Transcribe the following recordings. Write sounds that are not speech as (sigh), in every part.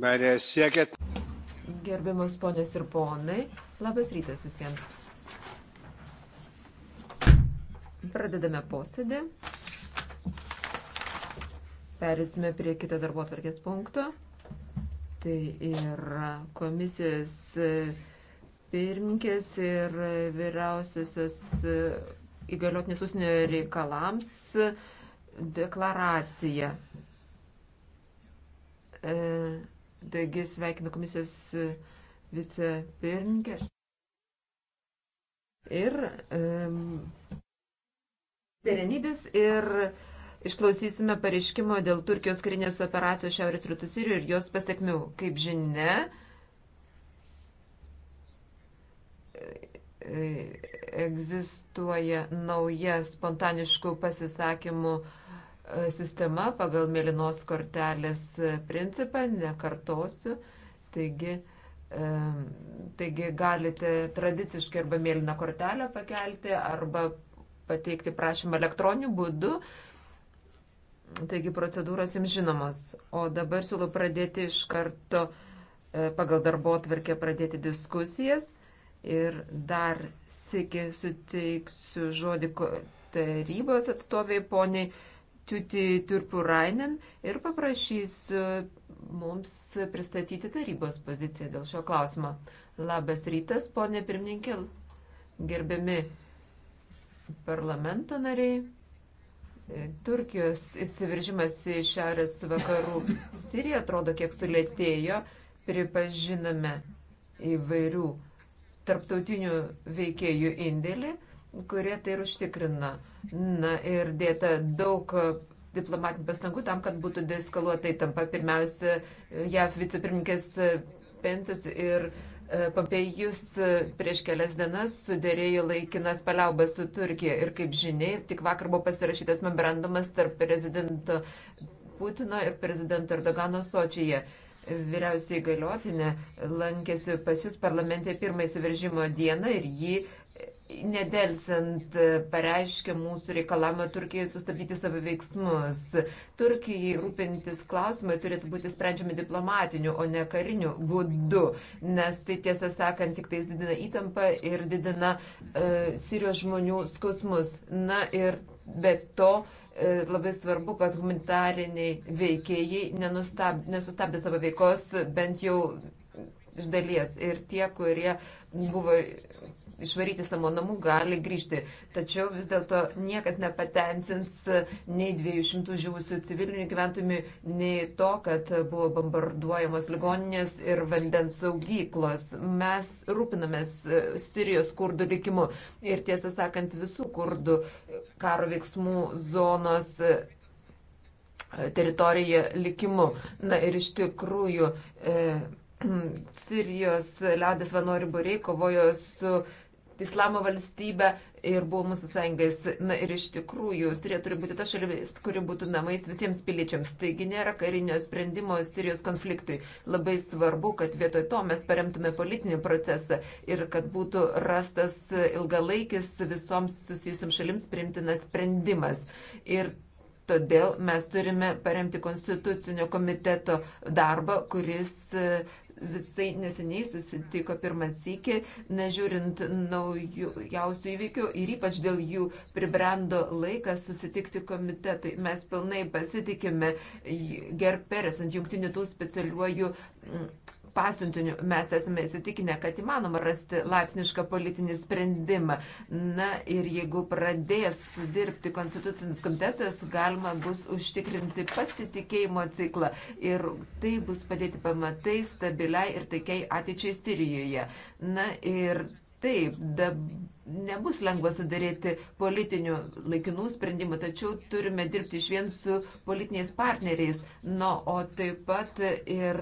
Gerbiamas ponės ir ponai, labas rytas visiems. Pradedame posėdį. Perėsime prie kito darbo atvarkės punkto. Tai yra komisijos e, pirmininkės ir vyriausiasis e, įgaliotinis užsienio reikalams e, deklaracija. E, Taigi sveikinu komisijos e, vicepirmininkę. Ir um, Serenidis ir išklausysime pareiškimo dėl Turkijos karinės operacijos Šiaurės Rytų Sirijoje ir jos pasiekmių. Kaip žinia, e, e, egzistuoja nauja spontaniškų pasisakymų uh, sistema pagal mėlynos kortelės principą, nekartosiu. Taigi, taigi galite tradiciškai arba mėlyną kortelę pakelti, arba pateikti prašymą elektroniniu būdu. Taigi procedūros jums žinomos. O dabar siūlau pradėti iš karto e, pagal darbo atverkę pradėti diskusijas. Ir dar sėki suteiksiu žodį tarybos atstoviai poniai Tuti Turpurainen ir paprašysiu e, mums pristatyti tarybos poziciją dėl šio klausimo. Labas rytas, ponė pirmininkė, gerbiami parlamento nariai. E, Turkijos įsiveržimas į šiaurės vakarų Siriją atrodo kiek sulėtėjo, pripažiname įvairių tarptautinių veikėjų indėlį kurie tai ir užtikrina. Na ir dėta daug diplomatinių pastangų tam, kad būtų deskaluota įtampa. Pirmiausia, JAV vicepirmininkės Pensas ir e, Pompejus e, prieš kelias dienas sudėrėjo laikinas paliaubas su Turkija ir, kaip žinia, tik vakar buvo pasirašytas memorandumas tarp prezidento Putino ir prezidento Erdogano Sočyje. Vyriausiai galiotinė lankėsi pas jūs parlamente pirmąjį siveržimo dieną ir jį nedelsant pareiškė mūsų reikalavimą Turkijai sustabdyti savo veiksmus. Turkijai rūpintis klausimai turėtų būti sprendžiami diplomatiniu, o ne kariniu būdu, nes tai tiesą sakant tik tais didina įtampą ir didina e, Sirijos žmonių skausmus. Na ir be to e, labai svarbu, kad humanitariniai veikėjai nenustab, nesustabdė savo veikos bent jau iš dalies. Ir tie, kurie buvo išvaryti savo namų, gali grįžti. Tačiau vis dėlto niekas nepatencins nei 200 žuvusių civilinių gyventojų, nei to, kad buvo bombarduojamos ligoninės ir vandens saugyklos. Mes rūpinamės e, Sirijos kurdų likimu ir tiesą sakant visų kurdų e, karo veiksmų zonos e, teritoriją likimu. Na ir iš tikrųjų e, (clears throat) Sirijos liaudės vanori būriai kovojo su e, Islamo valstybę ir buvo mūsų sąjungais. Na ir iš tikrųjų, Sirija turi būti ta šalis, kuri būtų namais visiems piliečiams. Taigi nėra karinio sprendimo Sirijos konfliktui. Labai svarbu, kad vietoj to mes paremtume politinį procesą ir kad būtų rastas ilgalaikis visoms susijusiam šalims priimtinas sprendimas. Ir Todėl mes turime paremti konstitucinio komiteto darbą, kuris visai neseniai susitiko pirmas iki, nežiūrint naujausių įvykių ir ypač dėl jų pribrendo laikas susitikti komitetui. Mes pilnai pasitikime Gerperes ant jungtinių tų specialiuojų pasiuntiniu. Mes esame įsitikinę, kad įmanoma rasti laipsnišką politinį sprendimą. Na ir jeigu pradės dirbti konstitucinis komitetas, galima bus užtikrinti pasitikėjimo ciklą ir tai bus padėti pamatai stabiliai ir taikiai ateičiai Sirijoje. Na ir Taip, dab, nebus lengva sudaryti politinių laikinų sprendimų, tačiau turime dirbti iš vien su politiniais partneriais, no, o taip pat ir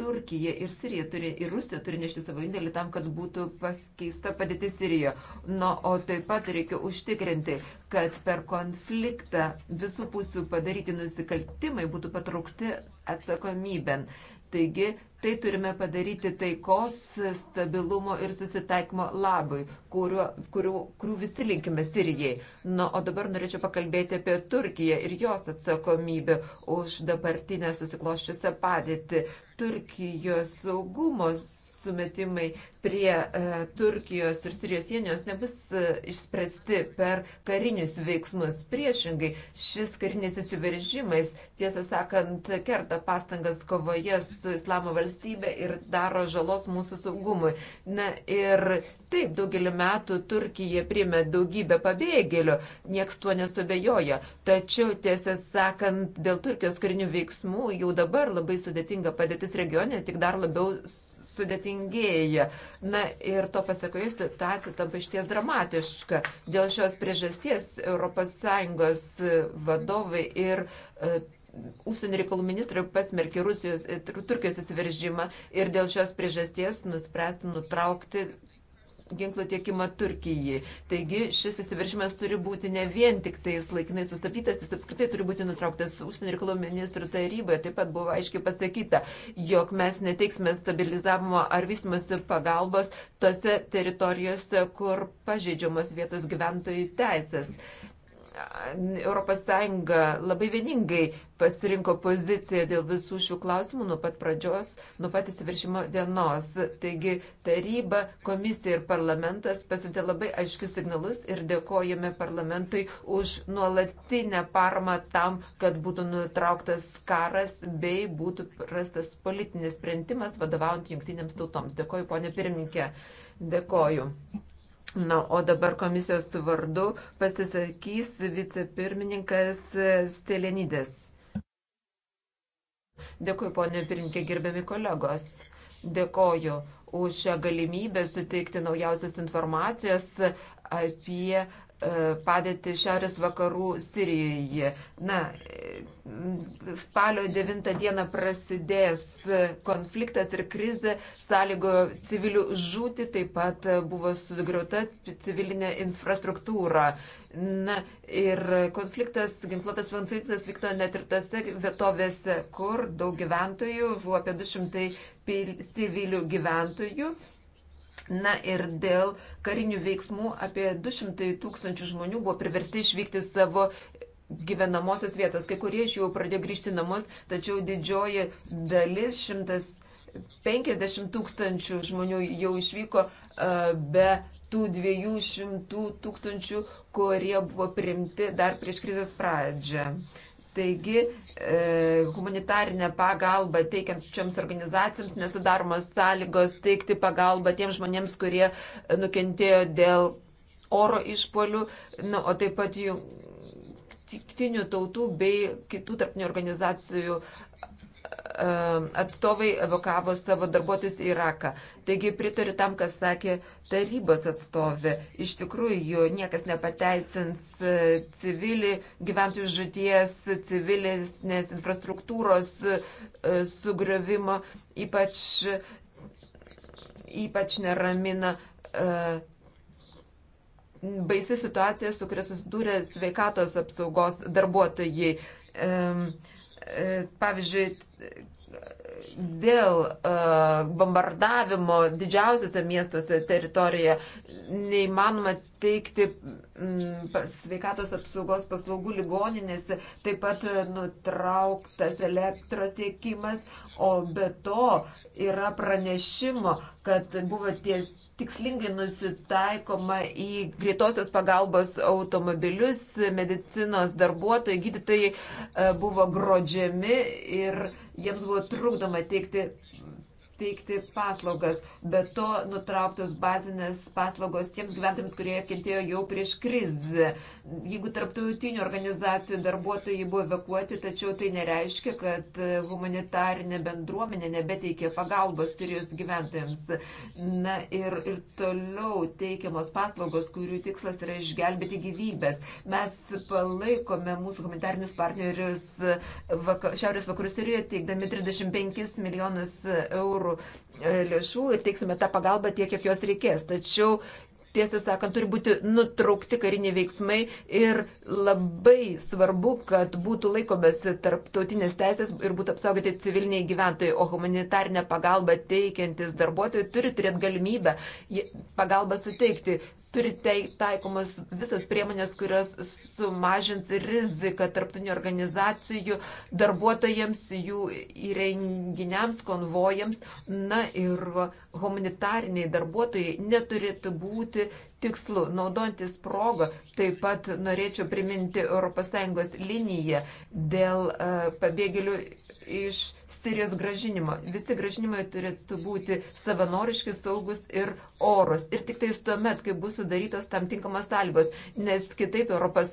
Turkija ir Sirija turi, ir Rusija turi nešti savo indėlį tam, kad būtų paskeista padėtis Sirijoje. Nu, o taip pat reikia užtikrinti, kad per konfliktą visų pusių padaryti nusikaltimai būtų patraukti atsakomybėn. Taigi tai turime padaryti taikos, stabilumo ir susitaikymo labui, kuriuo, kuriuo, kuriuo visi linkime Sirijai. Na, nu, o dabar norėčiau pakalbėti apie Turkiją ir jos atsakomybę už dabartinę susikloščiusią padėtį. Turkijos saugumos sumetimai prie e, Turkijos ir Sirijos sienijos nebus e, išspręsti per karinius veiksmus. Priešingai, šis karinis įsiveržimas, tiesą sakant, kerta pastangas kovoje su Islamo valstybė ir daro žalos mūsų saugumui. Na ir taip, daugelį metų Turkija priėmė daugybę pabėgėlių, nieks tuo nesubejoja. Tačiau, tiesą sakant, dėl Turkijos karinių veiksmų jau dabar labai sudėtinga padėtis regione, tik dar labiau sudėtingėja. Na ir to pasakoje situacija tampa išties dramatiška. Dėl šios priežasties ES e, vadovai ir e, Užsienio reikalų ministrai pasmerkė Rusijos, e, Turkijos atsiveržimą ir dėl šios priežasties nuspręsti nutraukti ginklų tiekimą Turkijai. Taigi šis įsiveržimas turi būti ne vien tik tais laikinai sustabdytas, jis apskritai turi būti nutrauktas užsienio reikalų ministrų taryboje. Taip pat buvo aiškiai pasakyta, jog mes neteiksime stabilizavimo ar vystimosi pagalbos tose teritorijose, kur pažeidžiamos vietos gyventojų teisės. ES labai vieningai pasirinko poziciją dėl visų šių klausimų nuo pat pradžios, nuo pat įsiveršimo dienos. Taigi taryba, komisija ir parlamentas pasiuntė labai aiškius signalus ir dėkojame parlamentui už nuolatinę paramą tam, kad būtų nutrauktas karas bei būtų rastas politinis sprendimas vadovaujant jungtinėms tautoms. Dėkoju, ponė pirmininkė. Dėkoju. Na, o dabar komisijos vardu pasisakys vicepirmininkas Stelenydės. Dėkui, ponė pirmininkė, gerbiami kolegos. Dėkoju už šią galimybę suteikti naujausios informacijos apie E, padėti šiaurės vakarų Sirijoje. Na, e, spalio 9 dieną prasidės konfliktas ir krizė sąlygo civilių žūti, taip pat buvo sugriauta civilinė infrastruktūra. Na, ir konfliktas, ginkluotas konfliktas vykto net ir tose vietovėse, kur daug gyventojų, buvo apie 200 civilių gyventojų. Na ir dėl karinių veiksmų apie 200 tūkstančių žmonių buvo priversti išvykti savo gyvenamosios vietos. Kai kurie iš jų pradėjo grįžti namus, tačiau didžioji dalis 150 tūkstančių žmonių jau išvyko be tų 200 tūkstančių, kurie buvo primti dar prieš krizės pradžią. Taigi e, humanitarinę pagalbą teikiančiams organizacijams nesudaromos sąlygos teikti pagalbą tiems žmonėms, kurie nukentėjo dėl oro išpolių, nu, o taip pat jų tiktinių tautų bei kitų tarpinių organizacijų atstovai evakavo savo darbuotojus į Iraką. Taigi pritariu tam, kas sakė tarybos atstovė. Iš tikrųjų, niekas nepateisins civilį, gyventojų žudies, civilinės infrastruktūros e, sugriovimo, ypač, ypač neramina e, baisi situacija, su kuria susidūrė sveikatos apsaugos darbuotojai. E, pavyzdžiui, dėl uh, bombardavimo didžiausiose miestuose teritorijoje neįmanoma teikti mm, sveikatos apsaugos paslaugų ligoninėse, taip pat nutrauktas elektros tiekimas, o be to yra pranešimo, kad buvo tie tikslingai nusitaikoma į greitosios pagalbos automobilius, medicinos darbuotojai, gydytojai uh, buvo grodžiami ir uh, jiems buvo trukdoma teikti, teikti paslaugas, bet to nutrauktos bazinės paslaugos tiems gyventojams, kurie kentėjo jau prieš krizę jeigu tarptautinių organizacijų darbuotojai buvo evakuoti, tačiau tai nereiškia, kad e, humanitarinė bendruomenė nebeteikė pagalbos Sirijos gyventojams. Na ir, ir toliau teikiamos paslaugos, kurių tikslas yra išgelbėti gyvybės. Mes palaikome mūsų humanitarinius partnerius e, vaka, Šiaurės vakarų Sirijoje, teikdami 35 milijonus eurų e, lėšų ir teiksime tą pagalbą tiek, kiek jos reikės. Tačiau tiesą sakant, turi būti nutraukti kariniai veiksmai ir labai svarbu, kad būtų laikomasi tarptautinės teisės ir būtų apsaugoti civiliniai gyventojai, o humanitarinę pagalbą teikiantis darbuotojai turi turėti galimybę pagalbą suteikti. Turi tai taikomas visas priemonės, kurios sumažins riziką tarptautinių organizacijų darbuotojams, jų įrenginiams, konvojams. Na ir humanitariniai darbuotojai neturėtų būti svarbiausių tikslų. Naudojantis progą, taip pat norėčiau priminti ES liniją dėl e, pabėgėlių iš Sirijos gražinimo. Visi gražinimai turėtų būti savanoriški, saugus ir oros. Ir tik tais tuomet, kai bus sudarytos tam tinkamas sąlygos, nes kitaip ES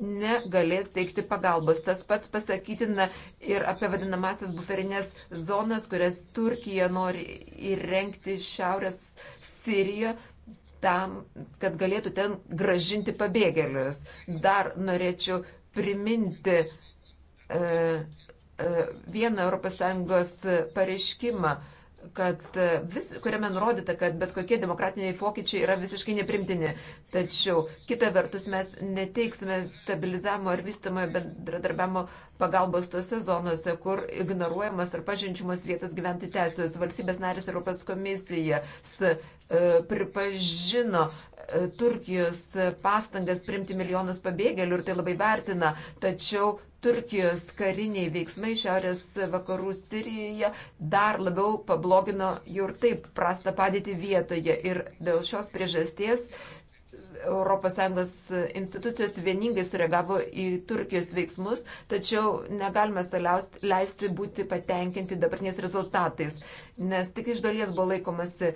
negalės teikti pagalbos. Tas pats pasakytina ir apie vadinamasias buferinės zonas, kurias Turkija nori įrengti šiaurės Sirijoje tam, kad galėtų ten gražinti pabėgėlius. Dar norėčiau priminti e, e, vieną ES pareiškimą, kad e, vis, kuriame nurodyta, kad bet kokie demokratiniai pokyčiai yra visiškai neprimtini. Tačiau kita vertus mes neteiksime stabilizavimo ir vystamojo bendradarbiavimo pagalbos tose zonose, kur ignoruojamas ar pažinčiamas vietos gyventojų teisės. Valstybės narės Europos komisija e, pripažino Turkijos pastangas primti milijonus pabėgėlių ir tai labai vertina, tačiau Turkijos kariniai veiksmai šiaurės vakarų Sirijoje dar labiau pablogino jau ir taip prastą padėtį vietoje ir dėl šios priežasties ES institucijos vieningai sureagavo į Turkijos veiksmus, tačiau negalime leisti būti patenkinti dabartiniais rezultatais nes tik iš dalies buvo laikomasi e,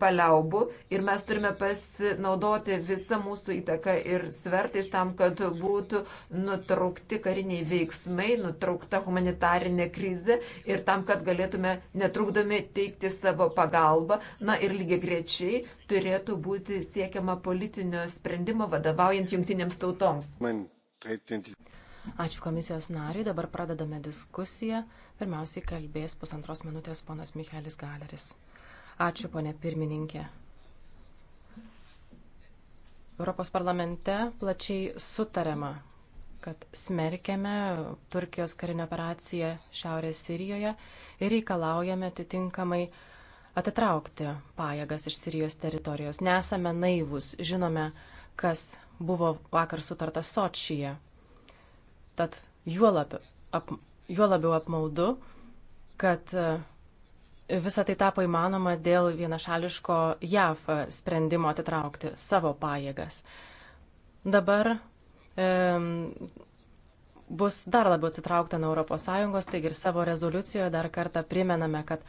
paliaubų ir mes turime pasinaudoti visą mūsų įtaką ir svertais tam, kad būtų nutraukti kariniai veiksmai, nutraukta humanitarinė krizė ir tam, kad galėtume netrukdomi teikti savo pagalbą. Na ir lygiai grečiai turėtų būti siekiama politinio sprendimo vadovaujant jungtinėms tautoms. Man, tai Ačiū komisijos nariai, dabar pradedame diskusiją. Pirmiausiai kalbės pusantros minutės ponas Michaelis Galeris. Ačiū, ponė pirmininkė. Europos parlamente plačiai sutarėma, kad smerkėme Turkijos karinę operaciją Šiaurės Sirijoje ir reikalaujame atitinkamai atitraukti pajėgas iš Sirijos teritorijos. Nesame naivus, žinome, kas buvo vakar sutarta Sočyje. Tad juolap ap, juo labiau apmaudu, kad e, visą tai tapo įmanoma dėl vienašališko JAV sprendimo atitraukti savo pajėgas. Dabar e, bus dar labiau atsitraukta nuo ES, taigi ir savo rezoliucijoje dar kartą primename, kad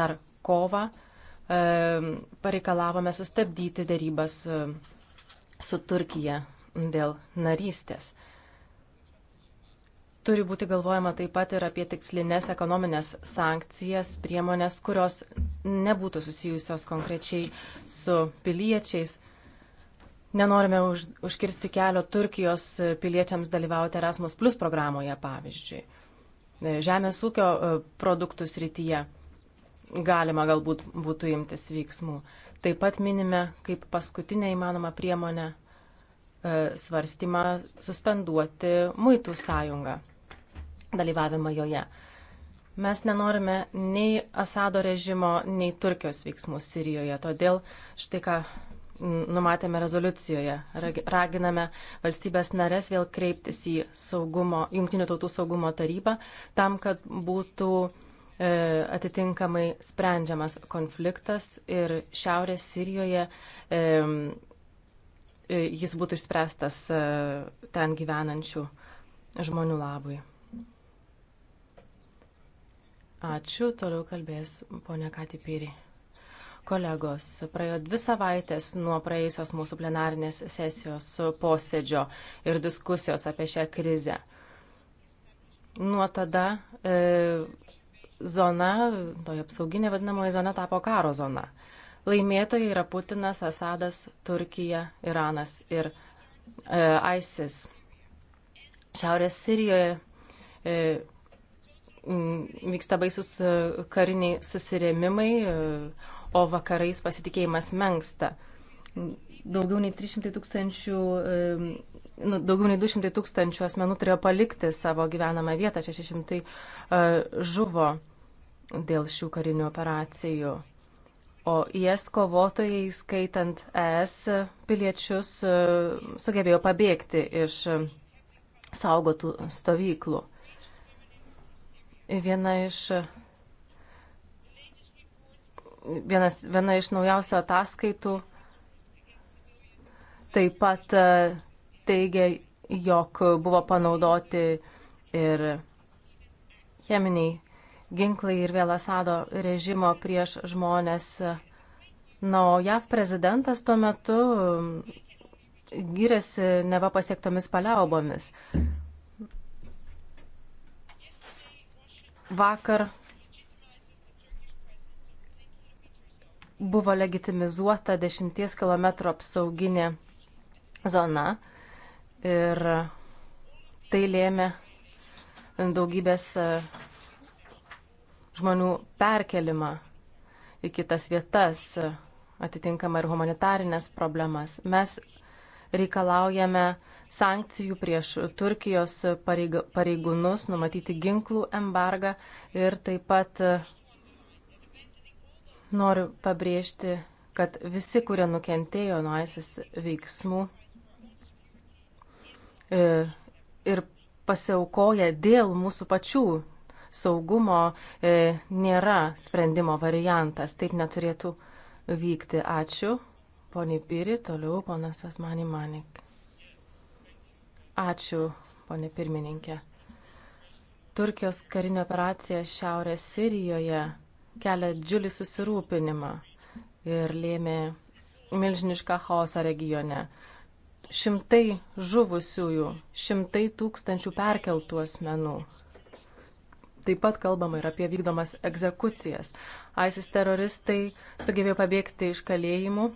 dar kovą e, pareikalavome sustabdyti dėrybas su, e, su Turkija dėl narystės. Turi būti galvojama taip pat ir apie tikslinės ekonominės sankcijas, priemonės, kurios nebūtų susijusios konkrečiai su piliečiais. Nenorime už, užkirsti kelio Turkijos piliečiams dalyvauti Erasmus Plus programoje, pavyzdžiui. E, žemės ūkio e, produktų srityje galima galbūt būtų imtis veiksmų. Taip pat minime kaip paskutinę įmanomą priemonę e, svarstymą suspenduoti muitų sąjungą dalyvavimą joje. Mes nenorime nei Asado režimo, nei Turkijos veiksmų Sirijoje. Todėl štai ką numatėme rezoliucijoje. Raginame valstybės narės vėl kreiptis į saugumo, Junktinių tautų saugumo tarybą tam, kad būtų e, atitinkamai sprendžiamas konfliktas ir Šiaurės Sirijoje e, e jis būtų išspręstas e, ten gyvenančių žmonių labui. Ačiū, toliau kalbės ponia Katipyri. Kolegos, praėjo dvi savaitės nuo praėjusios mūsų plenarinės sesijos posėdžio ir diskusijos apie šią krizę. Nuo tada e, zona, toje apsauginė vadinamoji zona tapo karo zona. Laimėtojai yra Putinas, Asadas, Turkija, Iranas ir e, ISIS. Šiaurės Sirijoje e, vyksta baisus e, kariniai susirėmimai, e, o vakarais pasitikėjimas menksta. Daugiau nei 300 tūkstančių, e, nu, daugiau nei 200 tūkstančių asmenų turėjo palikti savo gyvenamą vietą, 600 žuvo dėl šių karinių operacijų. O IS kovotojai, skaitant ES piliečius, sugebėjo pabėgti iš saugotų stovyklų. Viena iš, vienas, viena iš naujausio ataskaitų taip pat e, teigia, jog buvo panaudoti ir cheminiai ginklai ir vėl Asado režimo prieš žmonės. Na, o JAV prezidentas tuo metu gyrėsi neva pasiektomis paliaubomis. vakar buvo legitimizuota 10 km apsauginė zona ir tai lėmė daugybės e, žmonių perkelimą į kitas vietas, e, atitinkamą ir humanitarinės problemas. Mes reikalaujame sankcijų prieš Turkijos pareigūnus, numatyti ginklų embargą ir taip pat noriu pabrėžti, kad visi, kurie nukentėjo nuo ISIS veiksmų e, ir pasiaukoja dėl mūsų pačių saugumo, e, nėra sprendimo variantas. Taip neturėtų vykti. Ačiū. Pone Pyri, toliau ponas Asmani Manik. Ačiū, ponė pirmininkė. Turkijos karinė operacija Šiaurės Sirijoje kelia džiulį susirūpinimą ir lėmė milžinišką chaosą regione. Šimtai žuvusiųjų, šimtai tūkstančių perkeltų asmenų. Taip pat kalbama ir apie vykdomas egzekucijas. ISIS teroristai sugebėjo pabėgti iš kalėjimų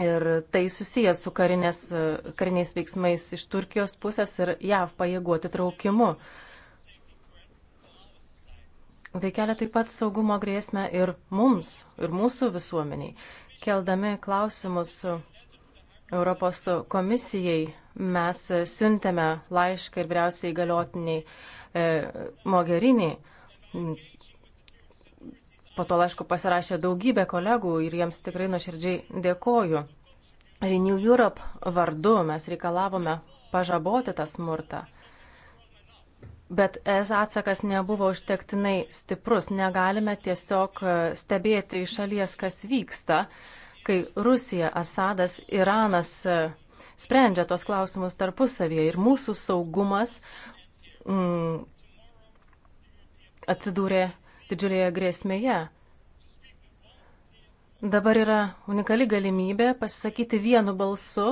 Ir tai susijęs su karinės, kariniais veiksmais iš Turkijos pusės ir JAV pajėgų atitraukimu. Tai kelia taip pat saugumo grėsmę ir mums, ir mūsų visuomeniai. Keldami klausimus Europos komisijai mes siuntėme laišką ir vyriausiai galiotiniai e, Mogerinį Po to, aišku, pasirašė daugybė kolegų ir jiems tikrai nuoširdžiai dėkoju. Renew Europe vardu mes reikalavome pažaboti tą smurtą. Bet es atsakas nebuvo užtektinai stiprus. Negalime tiesiog e, stebėti iš šalies, kas vyksta, kai Rusija, Asadas, Iranas e, sprendžia tos klausimus tarpusavėje ir mūsų saugumas mm, atsidūrė didžiulėje grėsmėje. Dabar yra unikali galimybė pasisakyti vienu balsu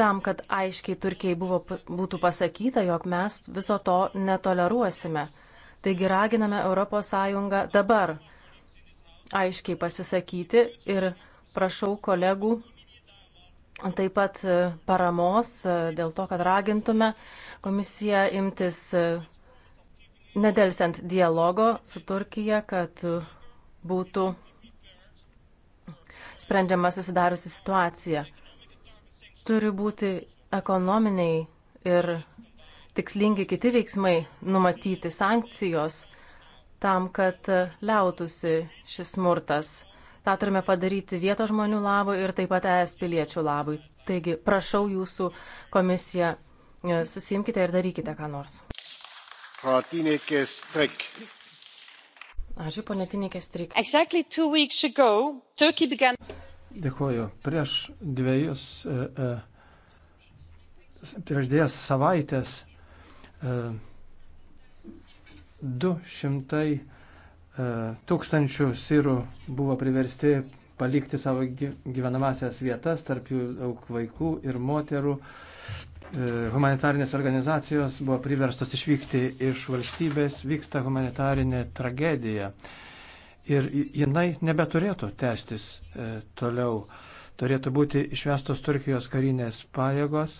tam, kad aiškiai Turkijai buvo, būtų pasakyta, jog mes viso to netoleruosime. Taigi raginame ES dabar aiškiai pasisakyti ir prašau kolegų taip pat paramos dėl to, kad ragintume komisiją imtis nedelsiant dialogo su Turkija, kad būtų sprendžiama susidariusi situacija. Turi būti ekonominiai ir tikslingi kiti veiksmai numatyti sankcijos tam, kad liautusi šis smurtas. Ta turime padaryti vietos žmonių labui ir taip pat ES piliečių labui. Taigi prašau jūsų komisiją, susimkite ir darykite ką nors. Ačiū, ponė Tinikė Strik. Exactly ago, began... Dėkuoju. Prieš dviejus, e, e, prieš dviejas savaitės e, 200 e, tūkstančių sirų buvo priversti palikti savo gyvenamasias vietas, tarp jų daug vaikų ir moterų. E, humanitarinės organizacijos buvo priverstos išvykti iš valstybės, vyksta humanitarinė tragedija. Ir jinai nebeturėtų tęstis e, toliau. Turėtų būti išvestos Turkijos karinės pajėgos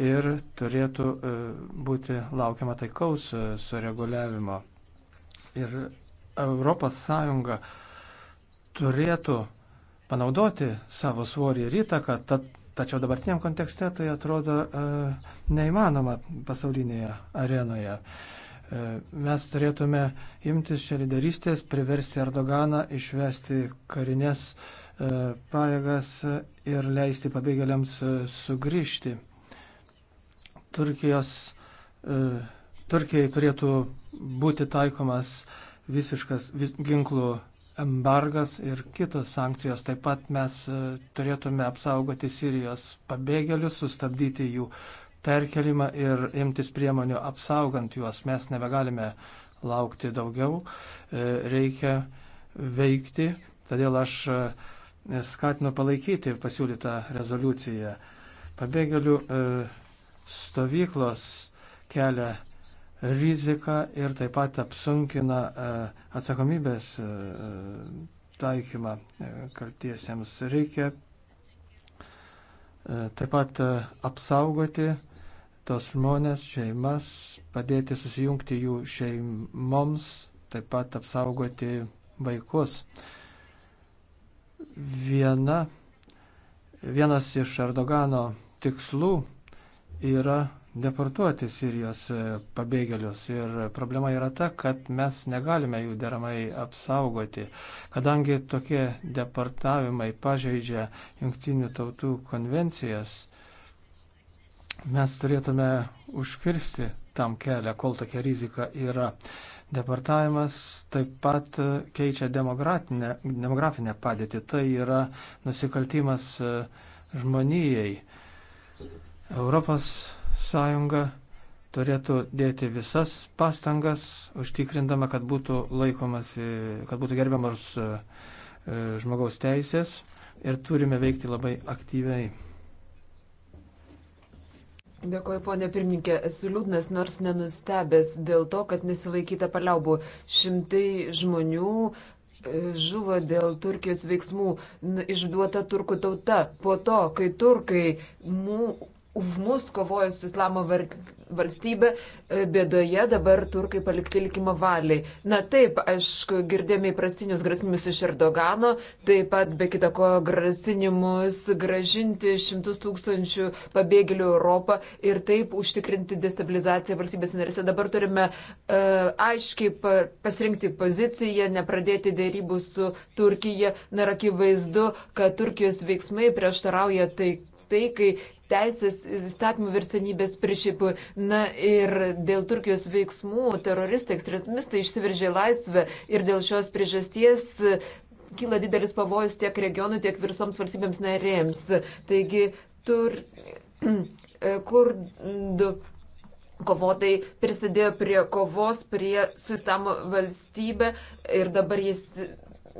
ir turėtų e, būti laukiama taikaus sureguliavimo. Ir ES turėtų panaudoti savo svorį ir įtaką, tad Tačiau dabartiniam kontekste tai atrodo e, neįmanoma pasaulinėje arenoje. E, mes turėtume imtis šią lyderystės, priversti Erdoganą išvesti karinės e, pajėgas ir leisti pabėgėliams e, sugrįžti. Turkijos, e, Turkijai turėtų būti taikomas visiškas vis, ginklų embargas ir kitos sankcijos. Taip pat mes e, turėtume apsaugoti Sirijos pabėgėlius, sustabdyti jų perkelimą ir imtis priemonių apsaugant juos. Mes nebegalime laukti daugiau, e, reikia veikti. Todėl aš e, skatinu palaikyti pasiūlytą rezoliuciją. Pabėgėlių stovyklos kelia riziką ir taip pat apsunkina e, atsakomybės e, taikymą e, kaltiesiems. Reikia taip pat apsaugoti tos žmonės, šeimas, padėti susijungti jų šeimoms, taip pat apsaugoti vaikus. Viena, vienas iš Erdogano tikslų yra deportuoti Sirijos e, pabėgėlius. Ir problema yra ta, kad mes negalime jų deramai apsaugoti, kadangi tokie deportavimai pažeidžia Junktinių tautų konvencijas. Mes turėtume užkirsti tam kelią, kol tokia rizika yra. Deportavimas taip pat keičia demografinę padėtį. Tai yra nusikaltimas e, žmonijai. Europos Sąjunga turėtų dėti visas pastangas, užtikrindama, kad būtų laikomas, kad būtų gerbiamas e, e, žmogaus teisės ir turime veikti labai aktyviai. Dėkuoju, ponė pirmininkė, esu liūdnas, nors nenustebęs dėl to, kad nesilaikyta paliaubų. Šimtai žmonių e, žuvo dėl Turkijos veiksmų, išduota turkų tauta. Po to, kai turkai mū už mus kovoja su islamo valstybė, e, bėdoje dabar turkai palikti likimo valiai. Na taip, aišku, girdėjome įprastinius grasinimus iš Erdogano, taip pat be kita ko grasinimus gražinti šimtus tūkstančių pabėgėlių Europą ir taip užtikrinti destabilizaciją valstybės narėse. Dabar turime uh, aiškiai pa pasirinkti poziciją, nepradėti dėrybų su Turkija. Na ir akivaizdu, kad Turkijos veiksmai prieštarauja tai taikai teisės įstatymų virsenybės priešipų. Na ir dėl Turkijos veiksmų teroristai, ekstremistai išsiveržė laisvę ir dėl šios priežasties e, kyla didelis pavojus tiek regionui, tiek visoms valstybėms narėms. Taigi, tur, e, kurdų kovotai prisidėjo prie kovos, prie su Islamo valstybė ir dabar jis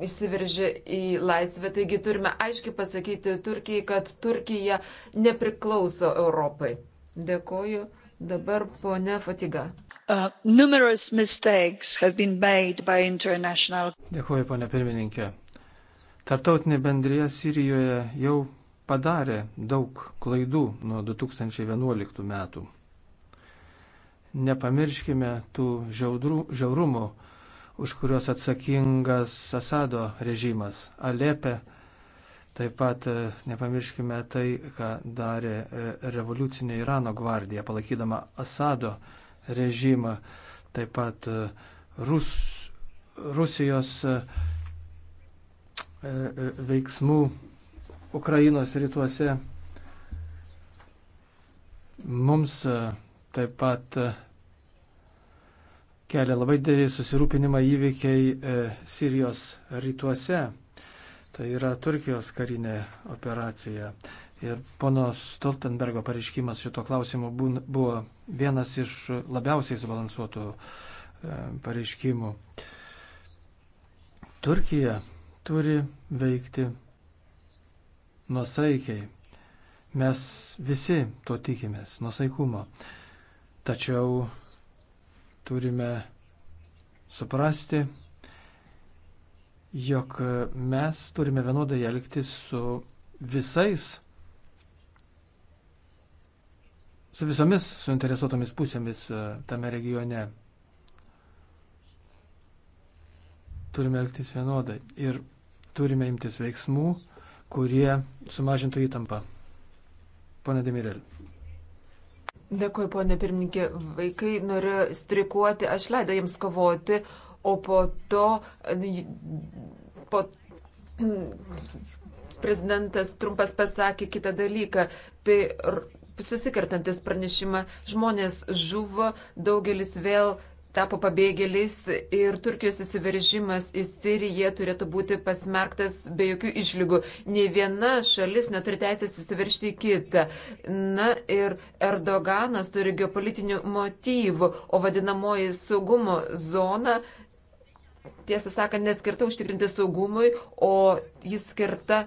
įsiveržė į laisvę. Taigi turime aiškiai pasakyti Turkijai, kad Turkija nepriklauso Europai. Dėkoju. Dabar ponia Fatiga. Uh, international... Dėkoju, ponia pirmininkė. Tartautinė bendrija Sirijoje jau padarė daug klaidų nuo 2011 metų. Nepamirškime tų žiaudrų, žiaurumų už kuriuos atsakingas Asado režimas. Alepe taip pat e, nepamirškime tai, ką darė e, revoliucinė Irano gvardija, palaikydama Asado režimą. Taip pat e, Rus, Rusijos veiksmų Ukrainos rytuose. Mums taip pat Kelia labai didelį susirūpinimą įvykiai e, Sirijos rytuose. Tai yra Turkijos karinė operacija. Ir pono Stoltenbergo pareiškimas šito klausimu buvo vienas iš labiausiai subalansuotų e, pareiškimų. Turkija turi veikti nusaikiai. Mes visi to tikimės, nusaikumo. Tačiau turime suprasti, jog mes turime vienodai elgtis su visais, su visomis suinteresuotomis pusėmis e, tame regione. Turime elgtis vienodai ir turime imtis veiksmų, kurie sumažintų įtampą. Pane Demirel. Dėkui, ponė pirmininkė. Vaikai norėjo strikuoti, aš leidau jiems kovoti, o po to po, prezidentas Trumpas pasakė kitą dalyką. Tai susikertantis pranešimą, žmonės žuvo, daugelis vėl uh, tapo pabėgėliais ir Turkijos įsiveržimas į Siriją turėtų būti pasmerktas be jokių išlygų. Ne viena šalis neturi teisės įsiveržti į kitą. Na ir Erdoganas turi geopolitinių motyvų, o vadinamoji saugumo zona. Tiesą sakant, neskirta užtikrinti saugumui, o jis skirta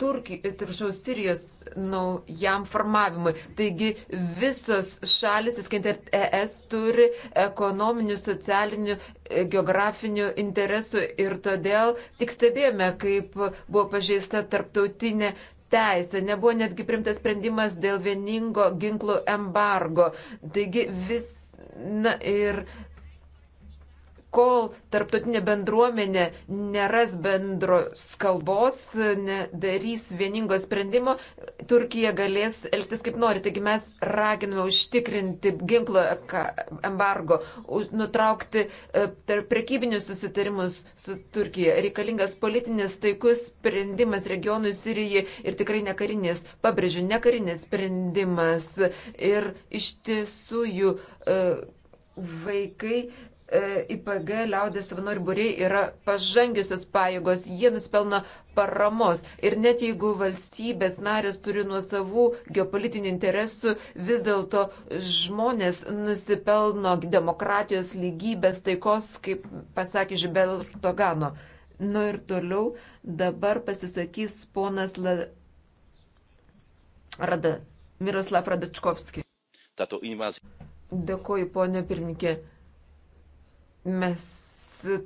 Turki, e, tarpšau, Sirijos naujam formavimui. Taigi visos šalis, įskaitant ES, turi ekonominių, socialinių, e, geografinių interesų ir todėl tik stebėjome, kaip buvo pažeista tarptautinė teisė, nebuvo netgi primtas sprendimas dėl vieningo ginklų embargo. Taigi vis, na ir kol tarptautinė bendruomenė neras bendros kalbos, nedarys vieningo sprendimo, Turkija galės elgtis kaip nori. Taigi mes raginame užtikrinti ginklo embargo, nutraukti e, prekybinius susitarimus su Turkija. Reikalingas politinis taikus sprendimas regionui Sirijai ir tikrai nekarinis, pabrėžiu, nekarinis sprendimas. Ir iš tiesų jų e, vaikai E, IPG liaudės savanorių būriai yra pažangiusios pajėgos, jie nuspelno paramos. Ir net jeigu valstybės narės turi nuo savų geopolitinių interesų, vis dėlto žmonės nusipelno demokratijos lygybės taikos, kaip pasakė Žibelto Gano. Nu ir toliau dabar pasisakys ponas La... Rada, Miroslav Radačkovski. Dėkuoju, ponė pirmininkė. Mes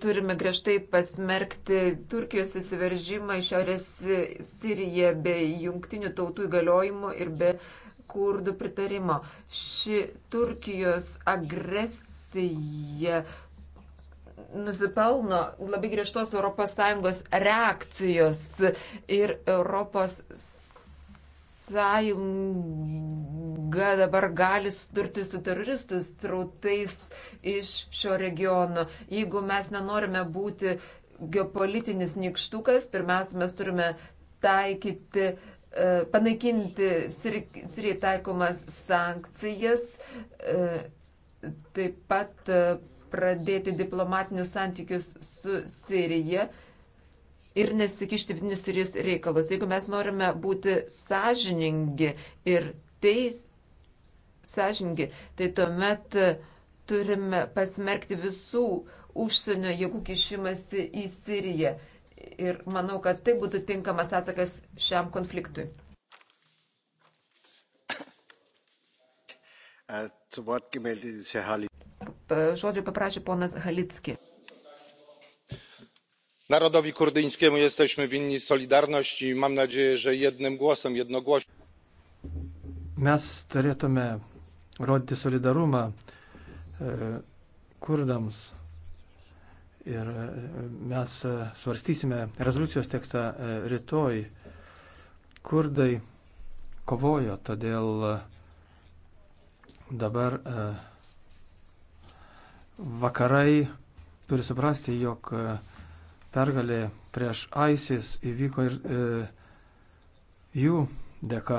turime griežtai pasmerkti Turkijos įsiveržimą į Šiaurės Siriją be jungtinių tautų įgaliojimų ir be kurdų pritarimo. Ši Turkijos agresija nusipelno labai griežtos ES reakcijos ir ES sąjunga dabar gali sudurti su teroristų strautais iš šio regiono. Jeigu mes nenorime būti geopolitinis nikštukas, pirmiausia, mes turime taikyti, e, panaikinti Sirijai taikomas sankcijas, e, taip pat e, pradėti diplomatinius santykius su Sirija ir nesikišti vidinius Sirijos reikalus. Jeigu mes norime būti sąžiningi ir teis, sąžiningi, tai tuomet turime pasmerkti visų užsienio jėgų kišimasi į Siriją. Ir manau, kad tai būtų tinkamas atsakas šiam konfliktui. Äh, žodžio paprašė ponas Halitski narodowi kurdyjskiemu jesteśmy winni solidarność i mam nadzieję że jednym głosem jednogłośnie. mes turėtume rodyti solidarumą e, kurdams ir e, mes e, svarstysime rezoliucijos tekstą rytoj. Kurdai kovojo, todėl dabar vakarai turi suprasti, jog pergalė prieš ISIS įvyko ir e, jų dėka.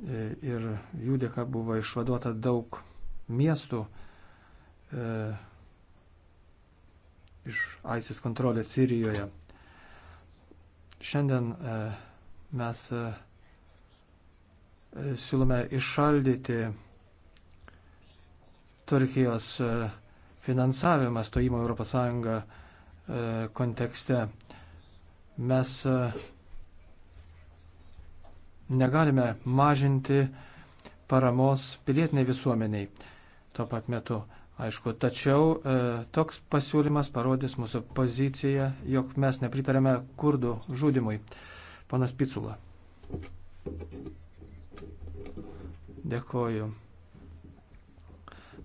E, ir jų dėka buvo išvaduota daug miestų e, iš ISIS kontrolės Sirijoje. Šiandien e, mes e, e siūlome išaldyti Turkijos e, finansavimas stojimo Europos Sąjungą e, kontekste. Mes e, negalime mažinti paramos pilietiniai visuomeniai tuo pat metu. Aišku, tačiau e, toks pasiūlymas parodys mūsų poziciją, jog mes nepritarėme kurdų žudimui. Panas Picula. Dėkoju.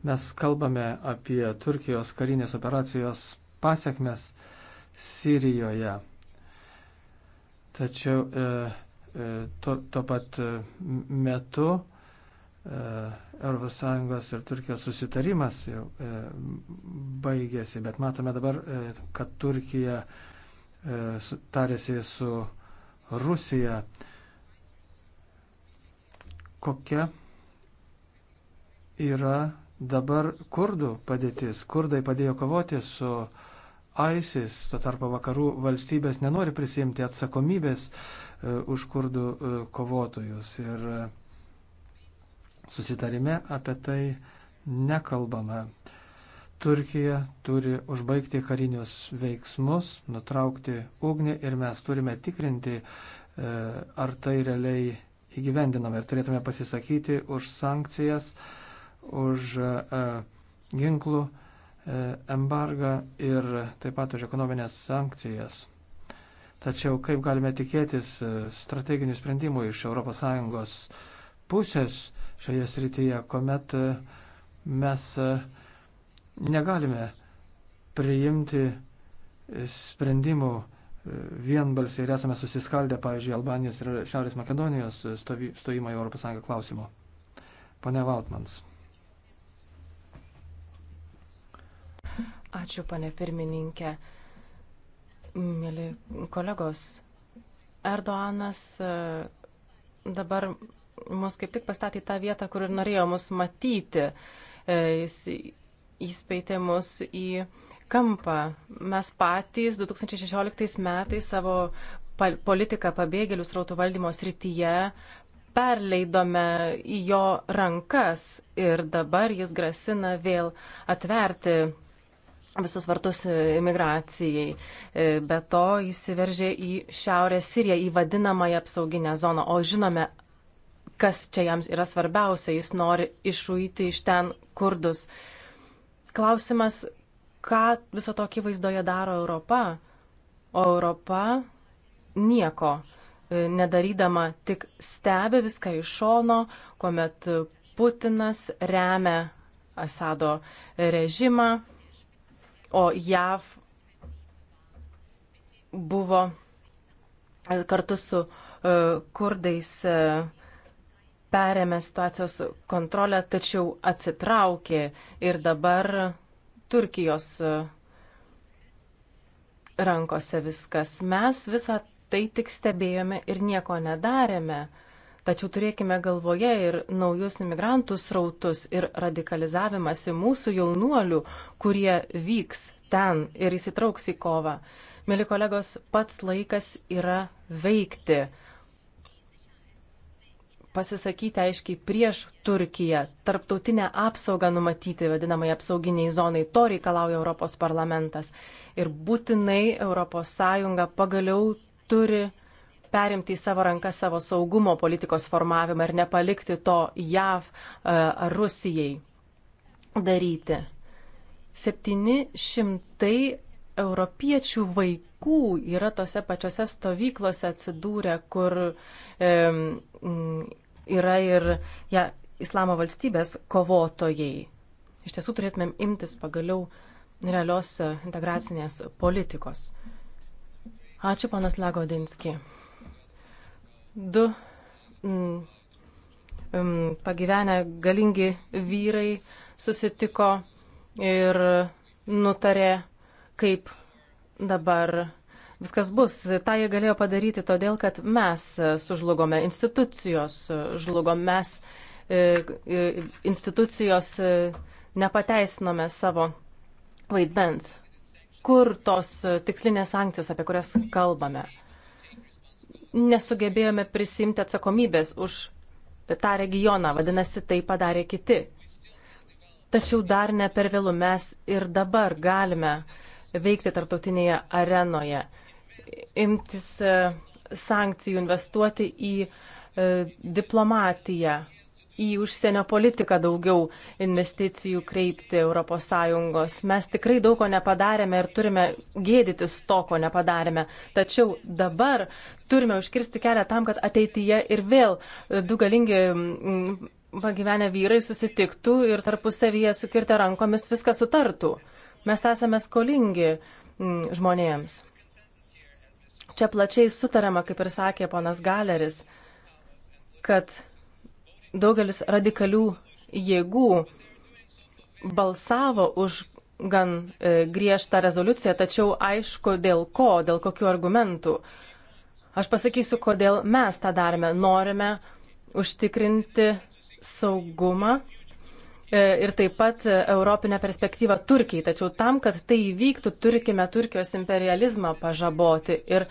Mes kalbame apie Turkijos karinės operacijos pasiekmes Sirijoje. Tačiau e, e, tuo, tuo pat e, metu ES ir Turkijos susitarimas jau e, baigėsi, bet matome dabar, e, kad Turkija tarėsi su Rusija. Kokia yra Dabar kurdų padėtis, kurdai padėjo kovoti su ISIS, to tarpo vakarų valstybės nenori prisimti atsakomybės e, už kurdų e, kovotojus. Ir e, susitarime apie tai nekalbame. Turkija turi užbaigti karinius veiksmus, nutraukti ugnį ir mes turime tikrinti, ar tai realiai įgyvendinama ir turėtume pasisakyti už sankcijas už e, ginklų e, embargą ir taip pat už ekonominės sankcijas. Tačiau kaip galime tikėtis e, strateginių sprendimų iš ES pusės šioje srityje, kuomet mes negalime priimti sprendimų vienbalsiai ir esame susiskaldę, pavyzdžiui, Albanijos ir Šiaurės Makedonijos stojimo į ES klausimo. Pone Valtmans. Ačiū, pane pirmininkė. Mėly kolegos, Erdoanas e, dabar mus kaip tik pastatė tą vietą, kur ir norėjo mus matyti. E, jis įspeitė mus į kampą. Mes patys 2016 metais savo politiką pabėgėlių srautų valdymo srityje perleidome į jo rankas ir dabar jis grasina vėl atverti visus vartus imigracijai. E, be to įsiveržė į Šiaurės Siriją, į vadinamąją apsauginę zoną. O žinome, kas čia jam yra svarbiausia. Jis nori išuiti iš ten kurdus. Klausimas, ką viso tokį vaizdoje daro Europa? O Europa nieko e, nedarydama tik stebi viską iš šono, kuomet Putinas remia Asado režimą, o JAV buvo e, kartu su e, kurdais e, perėmė situacijos kontrolę, tačiau atsitraukė ir dabar Turkijos rankose viskas. Mes visą tai tik stebėjome ir nieko nedarėme. Tačiau turėkime galvoje ir naujus imigrantų srautus ir radikalizavimąsi mūsų jaunuolių, kurie vyks ten ir įsitrauks į kovą. Mėly kolegos, pats laikas yra veikti. Pasisakyti aiškiai prieš Turkiją, tarptautinę apsaugą numatyti vadinamai apsauginiai zonai, to reikalauja Europos parlamentas. Ir būtinai ES pagaliau turi perimti į savo ranką savo saugumo politikos formavimą ir nepalikti to JAV ar e, Rusijai daryti. 700 europiečių vaikų yra tose pačiose stovyklose atsidūrę, kur e, yra ir ja, islamo valstybės kovotojai. Iš tiesų turėtumėm imtis pagaliau realios integracinės politikos. Ačiū, panas Lagodinski. Du mm, mm, pagyvenę galingi vyrai susitiko ir nutarė, kaip dabar viskas bus. Ta jie galėjo padaryti todėl, kad mes sužlugome, institucijos žlugom, mes e, e, institucijos e, nepateisinome savo vaidmens. Kur tos tikslinės sankcijos, apie kurias kalbame? nesugebėjome prisimti atsakomybės už tą regioną, vadinasi, tai padarė kiti. Tačiau dar ne per vėlų mes ir dabar galime veikti tarptautinėje arenoje, imtis e, sankcijų, investuoti į e, diplomatiją, į užsienio politiką daugiau investicijų kreipti ES. Mes tikrai daug ko nepadarėme ir turime gėdytis to, ko nepadarėme. Tačiau dabar turime užkirsti kelią tam, kad ateityje ir vėl du galingi mm, pagyvenę vyrai susitiktų ir tarpusavyje sukirtę rankomis viską sutartų. Mes esame skolingi mm, žmonėms. Čia plačiai sutarama, kaip ir sakė ponas Galeris, kad daugelis radikalių jėgų balsavo už gan e, griežtą rezoliuciją, tačiau aišku, dėl ko, dėl kokių argumentų. Aš pasakysiu, kodėl mes tą darome. Norime užtikrinti saugumą e, ir taip pat europinę perspektyvą Turkijai. Tačiau tam, kad tai įvyktų, turkime Turkijos imperializmą pažaboti ir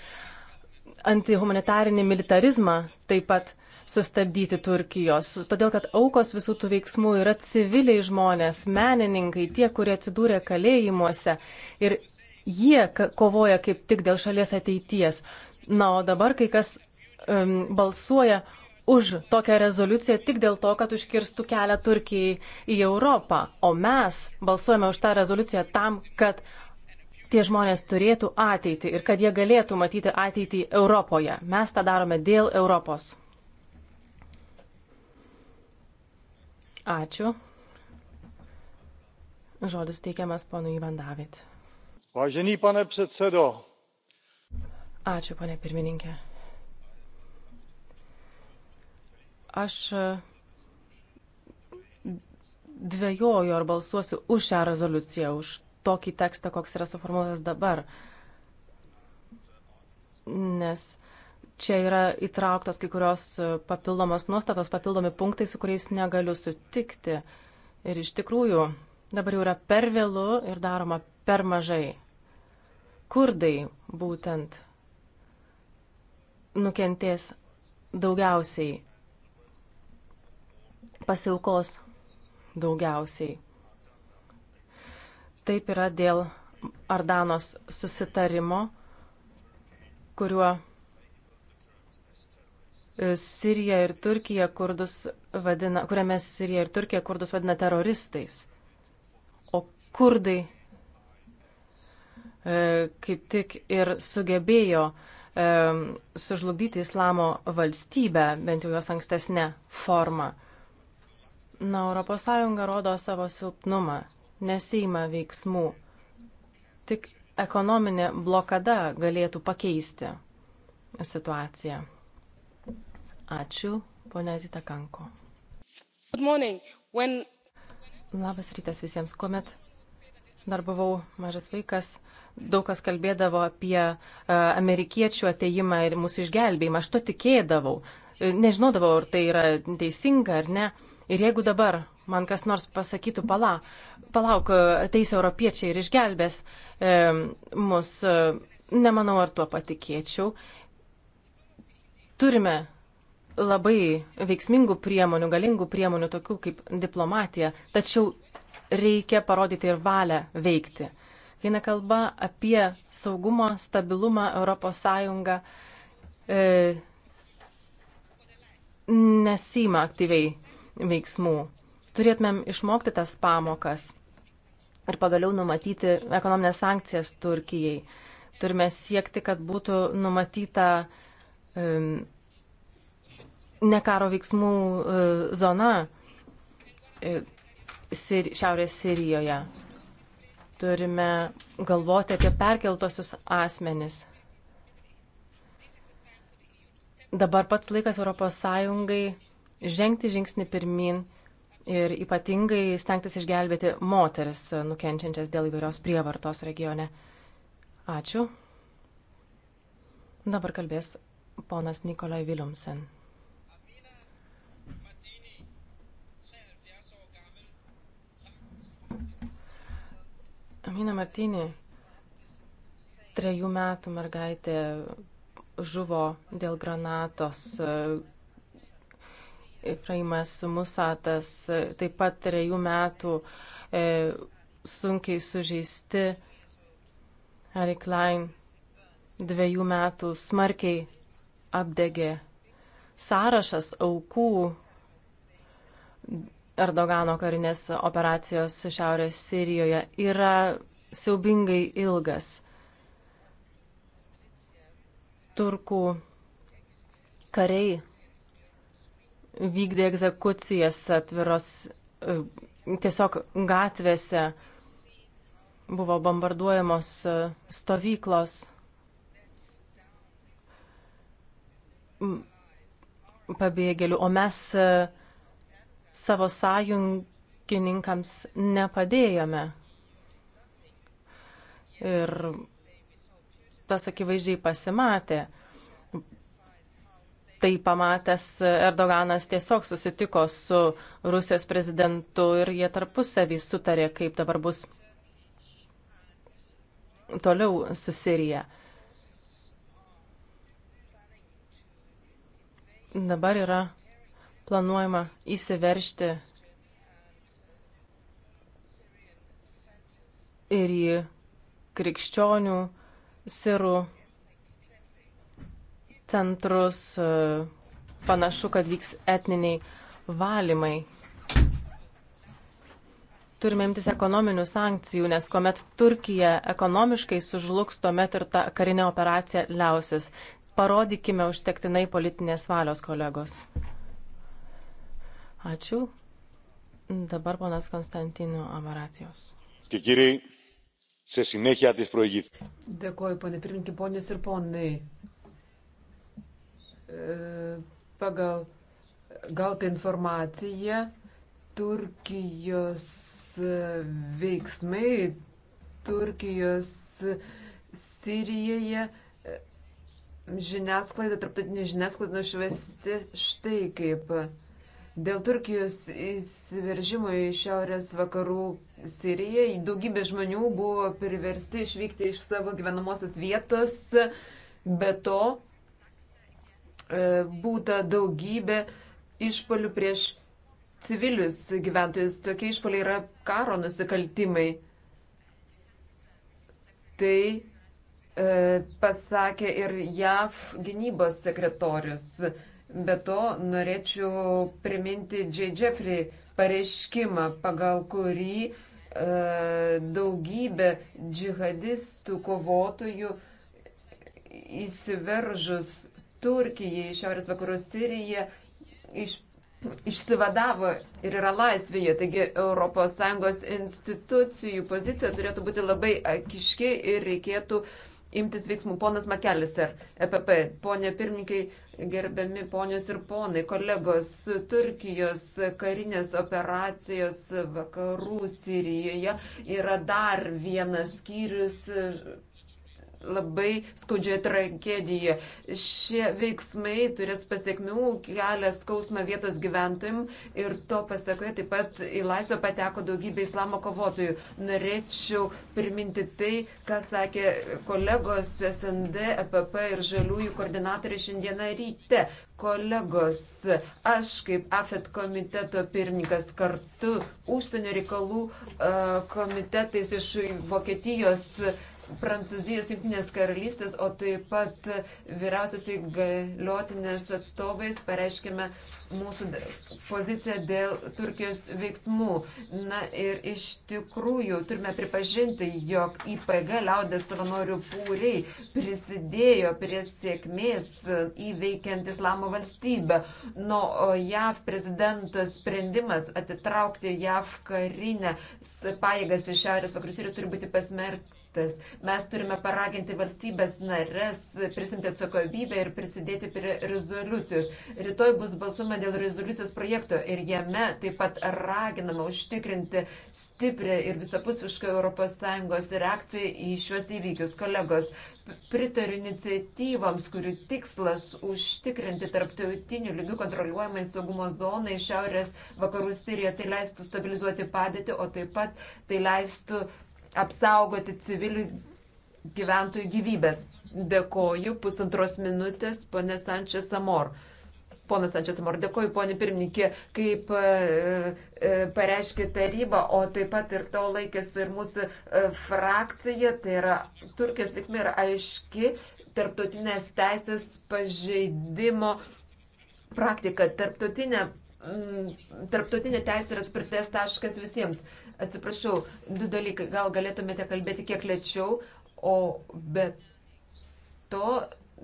antihumanitarinį militarizmą taip pat sustabdyti Turkijos, todėl kad aukos visų tų veiksmų yra civiliai žmonės, menininkai, tie, kurie atsidūrė kalėjimuose ir jie kovoja kaip tik dėl šalies ateities. Na, o dabar kai kas um, balsuoja už tokią rezoliuciją tik dėl to, kad užkirstų kelią Turkijai į Europą, o mes balsuojame už tą rezoliuciją tam, kad tie žmonės turėtų ateitį ir kad jie galėtų matyti ateitį Europoje. Mes tą darome dėl Europos. Ačiū. Žodis teikiamas ponui Ivan David. Vážený pane předsedo. Ačiū, pane pirmininkė. Aš dvėjoju ar balsuosiu už šią rezoliuciją, už tokį tekstą, koks yra suformuotas dabar. Nes Čia yra įtrauktos kai kurios papildomos nuostatos, papildomi punktai, su kuriais negaliu sutikti. Ir iš tikrųjų, dabar jau yra per vėlu ir daroma per mažai. Kurdai būtent nukentės daugiausiai, pasiaukos daugiausiai. Taip yra dėl Ardanos susitarimo, kuriuo E, Sirija ir Turkija kurdus vadina, kuriame Sirija ir Turkija kurdus vadina teroristais. O kurdai e, kaip tik ir sugebėjo e, sužlugdyti islamo valstybę, bent jau jos ankstesnę formą. Na, ES rodo savo silpnumą, nesima veiksmų. Tik ekonominė blokada galėtų pakeisti situaciją. Ačiū, ponia Zita Kanko. When... Labas rytas visiems. Kuomet dar buvau mažas vaikas, daug kas kalbėdavo apie uh, amerikiečių ateimą ir mūsų išgelbėjimą. Aš to tikėdavau. E, nežinodavau, ar tai yra teisinga ar ne. Ir jeigu dabar man kas nors pasakytų, pala, palauk, ateis europiečiai ir išgelbės e, mus, e, nemanau, ar tuo patikėčiau. Turime labai veiksmingų priemonių, galingų priemonių, tokių kaip diplomatija, tačiau reikia parodyti ir valią veikti. Kai nekalba apie saugumą, stabilumą ES e, nesima aktyviai veiksmų. Turėtumėm išmokti tas pamokas ir pagaliau numatyti ekonominės sankcijas Turkijai. Turime siekti, kad būtų numatyta um, nekaro veiksmų e, zona e, Sir, Šiaurės Sirijoje. Turime galvoti apie perkeltosius asmenis. Dabar pats laikas ES žengti žingsnį pirmin ir ypatingai stengtis išgelbėti moteris nukenčiančias dėl įvairios prievartos regione. Ačiū. Dabar kalbės ponas Nikolai Viljumsen. Amina Martini, trejų metų mergaitė žuvo dėl granatos. Efraimas Musatas, e, taip pat trejų metų e, sunkiai sužeisti. Harry Klein dviejų metų smarkiai apdegė. Sąrašas aukų Erdogano karinės operacijos Šiaurės Sirijoje yra siaubingai ilgas. Turkų kariai vykdė egzekucijas atviros e, tiesiog gatvėse, buvo bombarduojamos e, stovyklos. Pabėgėlių, o mes uh, savo sąjungininkams nepadėjome. Ir tas akivaizdžiai pasimatė. Tai pamatęs Erdoganas tiesiog susitiko su Rusijos prezidentu ir jie tarpusavį sutarė, kaip dabar bus toliau su Sirija. Dabar yra planuojama įsiveršti ir į krikščionių sirų centrus. Panašu, kad vyks etniniai valymai. Turime imtis ekonominių sankcijų, nes kuomet Turkija ekonomiškai sužlugs, tuomet ir ta karinė operacija liausis. Parodykime užtektinai politinės valios, kolegos. Ačiū. Dabar ponas Konstantino Amaratijos. Dėkuoju, ponė pirmininkė, ponės ir ponai. Pagal gautą informaciją, Turkijos e, veiksmai, Turkijos Sirijoje e, žiniasklaida, tarptautinė žiniasklaida nušvesti štai kaip. Dėl Turkijos įsiveržimo į šiaurės vakarų Siriją daugybė žmonių buvo priversti išvykti iš savo gyvenamosios vietos, be to e, būta daugybė išpolių prieš civilius gyventojus. Tokie išpoliai yra karo nusikaltimai. Tai e, pasakė ir JAV gynybos sekretorius. E, Be to norėčiau priminti J. Jeffrey pareiškimą, pagal kurį e, daugybė džihadistų kovotojų įsiveržus Turkijai, Šiaurės vakarų Siriją iš, išsivadavo ir yra laisvėje. Taigi ES institucijų pozicija turėtų būti labai akiški ir reikėtų uh, imtis veiksmų. Ponas Makelister, EPP, ponė pirmininkai, gerbiami ponios ir ponai, kolegos, Turkijos karinės operacijos vakarų Sirijoje yra dar vienas skyrius labai skaudžioje tragedijoje. Šie veiksmai turės pasiekmių, kelia skausmą vietos gyventojim ir to pasakoje taip pat į laisvę pateko daugybė islamo kovotojų. Norėčiau priminti tai, ką sakė kolegos SND, EPP ir žaliųjų koordinatoriai šiandieną ryte. Kolegos, aš kaip AFET komiteto pirmininkas kartu užsienio reikalų e, komitetais iš Vokietijos uh, Prancūzijos, Junktinės karalystės, o taip pat vyriausios įgaliotinės atstovais pareiškime mūsų poziciją dėl Turkijos veiksmų. Na ir iš tikrųjų turime pripažinti, jog IPG liaudės savanorių pūriai prisidėjo prie sėkmės įveikiant Islamo valstybę. Nu, o JAV prezidento sprendimas atitraukti JAV karinę pajėgas iš šiaurės vakarų Sirijos turi būti pasmerkti tekstas. Mes turime paraginti valstybės nares prisimti atsakomybę ir prisidėti prie rezoliucijos. Rytoj bus balsuoma dėl rezoliucijos projekto ir jame taip pat raginama užtikrinti stiprią ir visapusišką ES reakciją į šiuos įvykius. Kolegos, pritariu iniciatyvams, kurių tikslas užtikrinti tarptautinių lygių kontroliuojamai saugumo zonai šiaurės vakarų Sirijoje. Tai leistų stabilizuoti padėtį, o taip pat tai leistų uh, apsaugoti civilių gyventojų gyvybės. Dėkoju pusantros minutės, ponė Sančias Amor. Ponas Sančias Amor, dėkoju, ponė pirmininkė, kaip e, e, pareiškė taryba, o taip pat ir to laikėsi ir mūsų e, frakcija, tai yra Turkijos veiksmai yra aiški tarptautinės teisės pažeidimo praktika. Tarptautinė, m, tarptautinė teisė yra atspirties taškas visiems. Atsiprašau, du dalykai, gal galėtumėte kalbėti kiek lėčiau, o be to,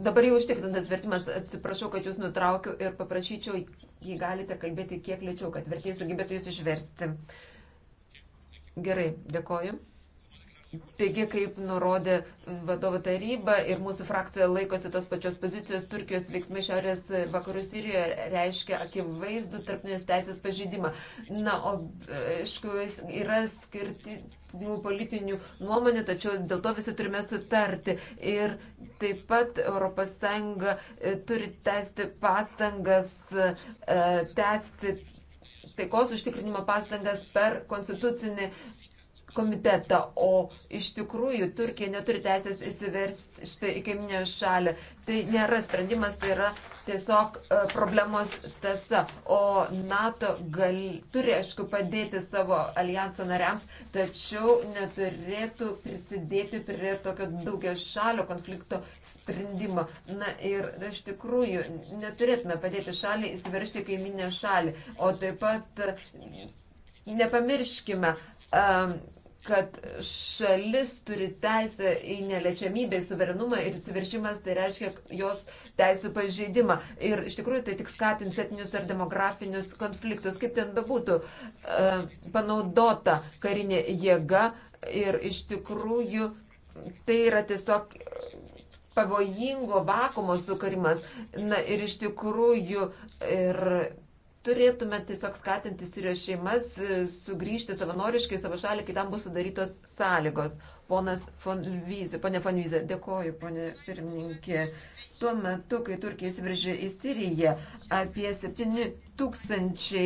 dabar jau užtikrintas vertimas, atsiprašau, kad jūs nutraukiu ir paprašyčiau, jį galite kalbėti kiek lėčiau, kad vertėjai sugebėtų jūs išversti. Gerai, dėkoju. Taigi, kaip nurodė vadovo taryba ir mūsų frakcija laikosi tos pačios pozicijos, Turkijos veiksmai šiaurės vakarų Sirijoje reiškia akivaizdų tarptinės teisės pažydimą. Na, o aišku, yra skirti politinių nuomonių, tačiau dėl to visi turime sutarti. Ir taip pat ES e, turi tęsti pastangas, e, tęsti taikos užtikrinimo pastangas per konstitucinį komitetą, o iš tikrųjų Turkija neturi teisės įsiversti štai į kaiminę šalį. Tai nėra sprendimas, tai yra tiesiog e, problemos tasa. O NATO gal, turi, aišku, padėti savo alijanso nariams, tačiau neturėtų prisidėti prie tokio daugia šalio konflikto sprendimo. Na ir iš tikrųjų neturėtume padėti šaliai įsiveršti kaiminę šalį. O taip pat nepamirškime, um, kad šalis turi teisę į neliečiamybę, į suverenumą ir įsiveržimas tai reiškia jos teisų pažeidimą. Ir iš tikrųjų tai tik skatins etinius ar demografinius konfliktus, kaip ten bebūtų e, panaudota karinė jėga ir iš tikrųjų tai yra tiesiog pavojingo vakumo sukarimas. Na ir iš tikrųjų ir turėtume tiesiog skatinti Sirijos šeimas e, sugrįžti savanoriškai savo šalį, kai tam bus sudarytos sąlygos. Ponas Fonvyzė, ponė Fonvyzė, dėkoju, ponė pirmininkė. Tuo metu, kai Turkija įsiveržė į Siriją, apie 7 tūkstančiai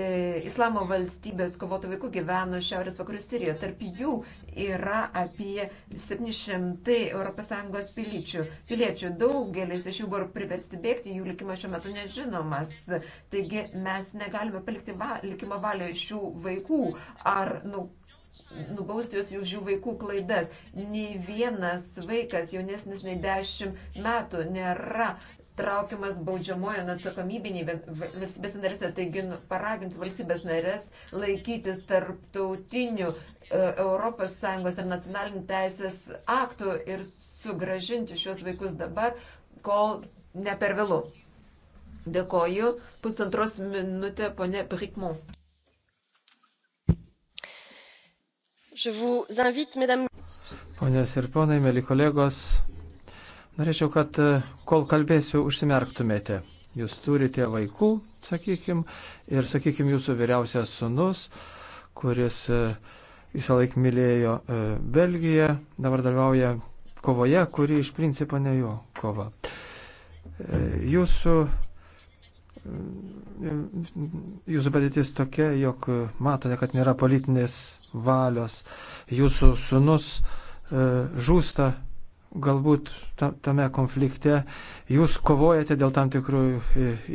e, islamo valstybės kovotų vaikų gyveno šiaurės vakarų Sirijoje. Tarp jų yra apie 700 ES piliečių. piliečių. Daugelis iš jų buvo priversti bėgti, jų likimas šiuo metu nežinomas. Taigi mes negalime palikti va, likimo valio šių vaikų ar nukentėjusių nubausti juos už jų vaikų klaidas. Nei vienas vaikas jaunesnis nei 10 metų nėra traukiamas baudžiamojo atsakomybiniai valstybės narėse, taigi nu, paraginti valstybės narės laikytis tarptautinių ES ir nacionalinių teisės aktų ir sugražinti šios vaikus dabar, kol ne per vėlų. Dėkoju. Pusantros minutė, ponė Brikmon. Ponios ir ponai, mėly kolegos, norėčiau, kad e, kol kalbėsiu, užsimerktumėte. Jūs turite vaikų, sakykim, ir, sakykim, jūsų vyriausias sunus, kuris e, visą laiką mylėjo e, Belgiją, dabar dalyvauja kovoje, kuri iš principo ne jo kova. Jūsų Jūsų padėtis tokia, jog matote, kad nėra politinės valios. Jūsų sunus e, žūsta galbūt tame konflikte. Jūs kovojate dėl tam tikrų e,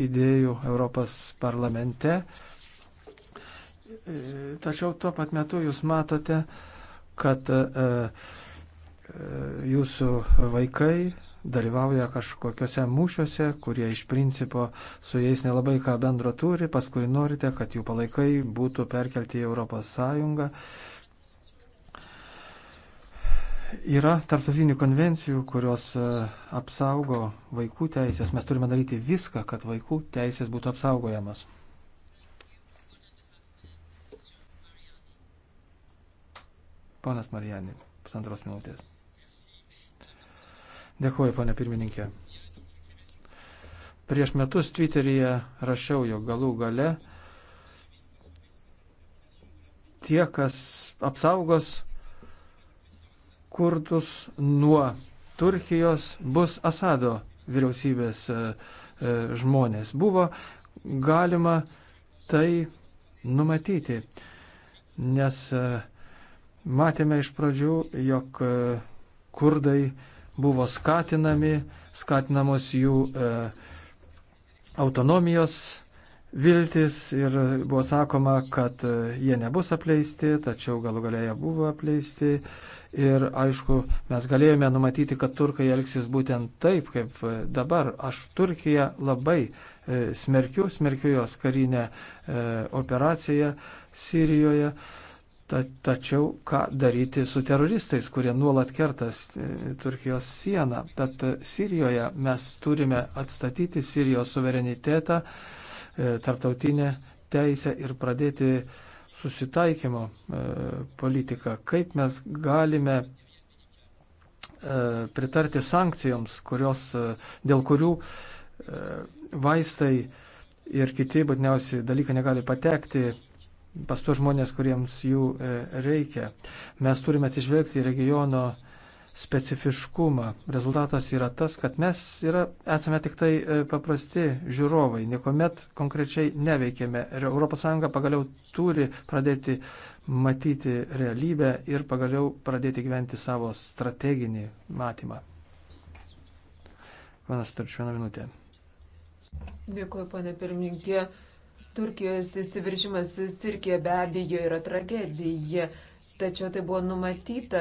idėjų Europos parlamente. E, tačiau tuo pat metu jūs matote, kad uh, jūsų vaikai dalyvauja kažkokiuose mūšiuose, kurie iš principo su jais nelabai ką bendro turi, paskui norite, kad jų palaikai būtų perkelti į Europos Sąjungą. Yra tarptautinių konvencijų, kurios e, apsaugo vaikų teisės. Mes turime daryti viską, kad vaikų teisės būtų apsaugojamas. Ponas Marijanin, pusantros minutės. Dėkuoju, ponė pirmininkė. Prieš metus Twitteryje rašiau, jog galų gale tie, kas apsaugos kurdus nuo Turkijos, bus Asado vyriausybės e, e, žmonės. Buvo galima tai numatyti, nes e, matėme iš pradžių, jog kurdai buvo skatinami, skatinamos jų e, autonomijos viltis ir buvo sakoma, kad e, jie nebus apleisti, tačiau galų galėje buvo apleisti. Ir aišku, mes galėjome numatyti, kad turkai elgsis būtent taip, kaip e, dabar. Aš Turkiją labai e, smerkiu, smerkiu jos karinę operaciją Sirijoje. E, Ta, tačiau ką daryti su teroristais, kurie nuolat kertas e, Turkijos sieną? Tad Sirijoje mes turime atstatyti Sirijos suverenitetą, e, tarptautinę teisę ir pradėti susitaikymo e, politiką. Kaip mes galime pritarti sankcijoms, kurios, dėl kurių vaistai ir kiti būtiniausi dalykai negali patekti pas tuos žmonės, kuriems jų e, reikia. Mes turime atsižvelgti į regiono specifiškumą. Rezultatas yra tas, kad mes yra, esame tik tai e, paprasti žiūrovai, niekuomet konkrečiai neveikėme. Ir ES pagaliau turi pradėti matyti realybę ir pagaliau pradėti gyventi savo strateginį matymą. Vanas Turč, vieną minutę. Dėkuoju, pane pirmininkė Turkijos įsiveržimas Sirkija be abejo yra tragedija, tačiau tai buvo numatyta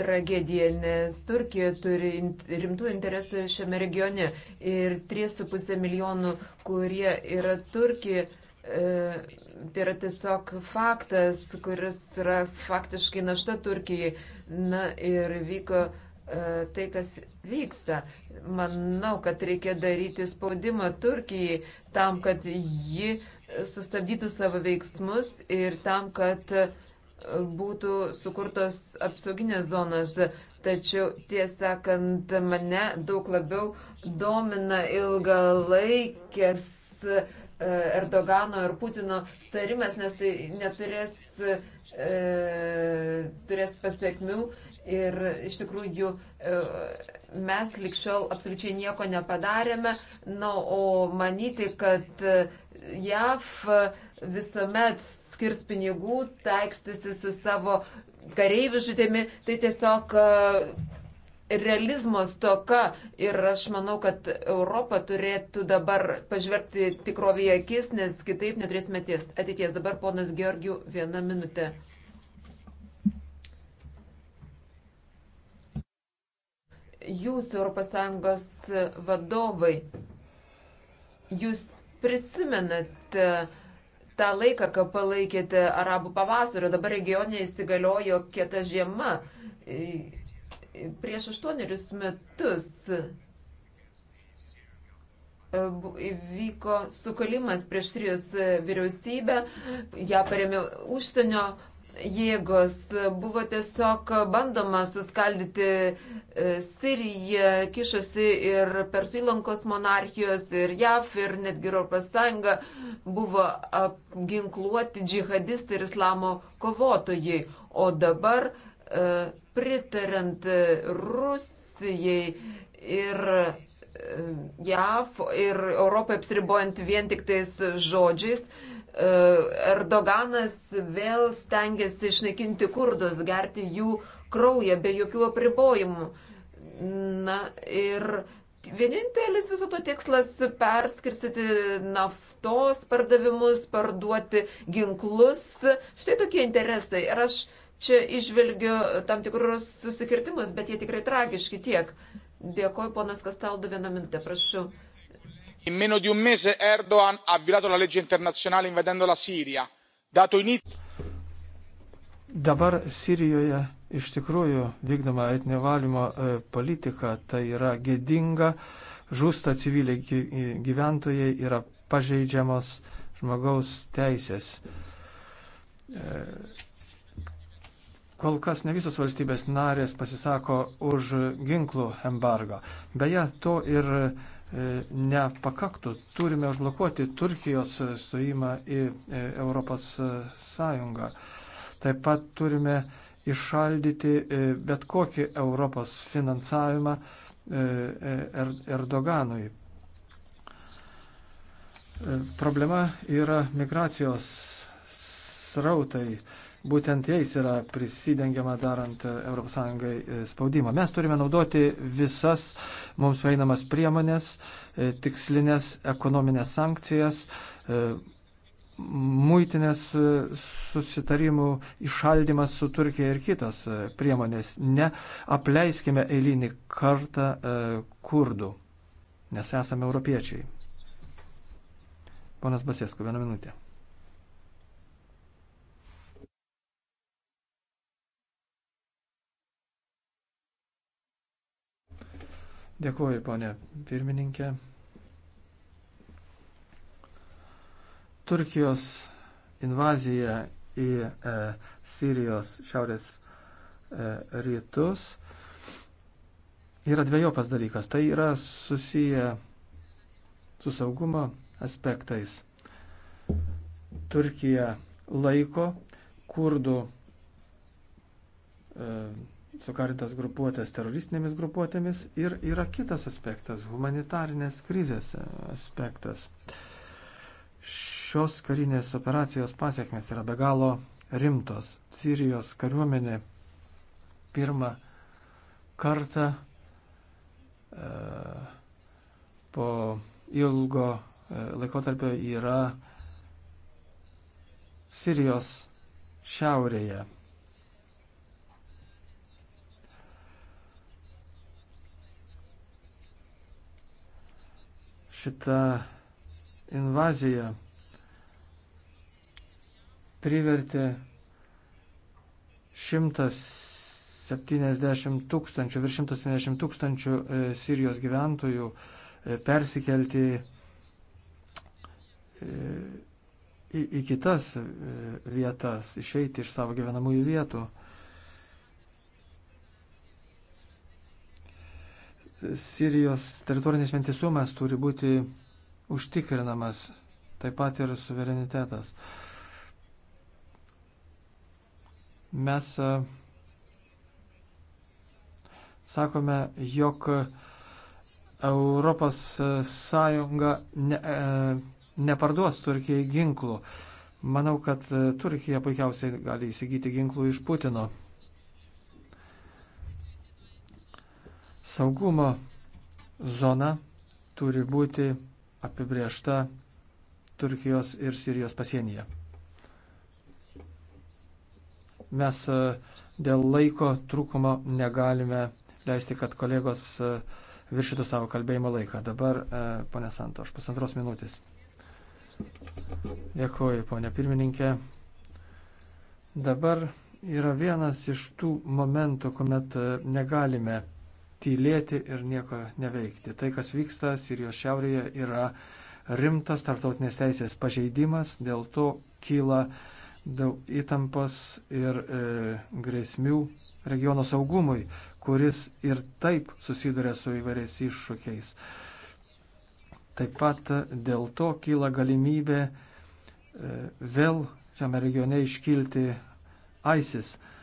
tragedija, nes Turkija turi rimtų interesų šiame regione ir 3,5 milijonų, kurie yra Turkija. E, tai yra tiesiog faktas, kuris yra faktiškai našta Turkijai. Na ir vyko e, E, tai, kas vyksta. Manau, kad reikia daryti spaudimą Turkijai tam, kad ji sustabdytų savo veiksmus ir tam, kad būtų sukurtos apsauginės zonos. Tačiau, tiesąkant, mane daug labiau domina ilgalaikės e, Erdogano ir Putino tarimas, nes tai neturės e, turės pasiekmių Ir iš tikrųjų e, mes likščiau absoliučiai nieko nepadarėme, na, o manyti, kad e, JAV visuomet skirs pinigų, taikstasi su savo kareivių žudėmi, tai tiesiog e, realizmo stoka ir aš manau, kad Europa turėtų dabar pažvelgti tikrovėje akis, nes kitaip neturėsime ties ateities. Dabar ponas Georgių vieną minutę. jūs, ES vadovai, jūs prisimenate tą laiką, kai palaikėte arabų pavasario, dabar regione įsigaliojo kieta žiema. E, prieš aštuonerius metus e, vyko sukalimas prieš Sirijos e, vyriausybę, ją paremė užsienio jėgos buvo tiesiog bandoma suskaldyti e, Siriją, kišosi ir Persų įlankos monarchijos, ir JAF, ir netgi Europos Sąjunga buvo apginkluoti džihadistai ir islamo kovotojai. O dabar e, pritarant Rusijai ir e, JAF ir Europai apsiribojant vien tik tais žodžiais, Erdoganas vėl stengiasi išnaikinti kurdus, gerti jų kraują be jokių apribojimų. Na ir vienintelis viso to tikslas - perskirstyti naftos pardavimus, parduoti ginklus. Štai tokie interesai. Ir aš čia išvelgiu tam tikrus susikirtimus, bet jie tikrai tragiški tiek. Dėkoju, ponas Kastaldo, vieną minutę, prašau in meno di un mese erdogan ha violato la legge internazionale invadendo la siriją dato inizio. dabar sirijoje iš tikrųjų vykdoma etninio valymo e, politika tai yra gėdinga žūsta civiliai gyventojai yra pažeidžiamos žmogaus teisės. E, kol kas ne visos valstybės narės pasisako už ginklų embargą. Beje, to ir E, nepakaktų. Turime užblokuoti Turkijos stojimą į e, Europos Sąjungą. Taip pat turime išaldyti e, bet kokį Europos finansavimą er, Erdoganui. Problema yra migracijos srautai būtent jais yra prisidengiama darant ES e, spaudimą. Mes turime naudoti visas mums prieinamas priemonės, e, tikslinės ekonominės sankcijas, e, muitinės susitarimų išaldimas su Turkija ir kitos priemonės. Ne apleiskime eilinį kartą kurdų, nes esame europiečiai. Ponas Basėsku, vieną minutę. Dėkuoju, ponė pirmininkė. Turkijos invazija į e, Sirijos šiaurės e, rytus yra dviejopas dalykas. Tai yra susiję su saugumo aspektais. Turkija laiko kurdų e, su karitas grupuotės teroristinėmis grupuotėmis ir yra kitas aspektas - humanitarinės krizės aspektas. Šios karinės operacijos pasiekmes yra be galo rimtos. Sirijos kariuomenė pirmą kartą e, po ilgo e, laikotarpio yra Sirijos šiaurėje šita invazija privertė 170 tūkstančių, virš 170 tūkstančių e, Sirijos gyventojų e, persikelti e, į, į kitas vietas, išeiti iš savo gyvenamųjų vietų. Sirijos teritorinis vientisumas turi būti užtikrinamas, taip pat ir suverenitetas. Mes sakome, jog Europos Sąjunga ne, neparduos Turkijai ginklų. Manau, kad Turkija puikiausiai gali įsigyti ginklų iš Putino. Saugumo zona turi būti apibriešta Turkijos ir Sirijos pasienyje. Mes e, dėl laiko trūkumo negalime leisti, kad kolegos e, viršytų savo kalbėjimo laiką. Dabar, e, ponė Santo, aš pusantros minutės. Dėkuoju, ponė pirmininkė. Dabar yra vienas iš tų momentų, kuomet negalime tylėti ir nieko neveikti. Tai, kas vyksta Sirijos šiaurėje, yra rimtas tarptautinės teisės pažeidimas, dėl to kyla daug įtampos ir e, grėsmių regiono saugumui, kuris ir taip susiduria su įvairiais iššūkiais. Taip pat e, dėl to kyla galimybė e, vėl šiame regione iškilti ISIS. E,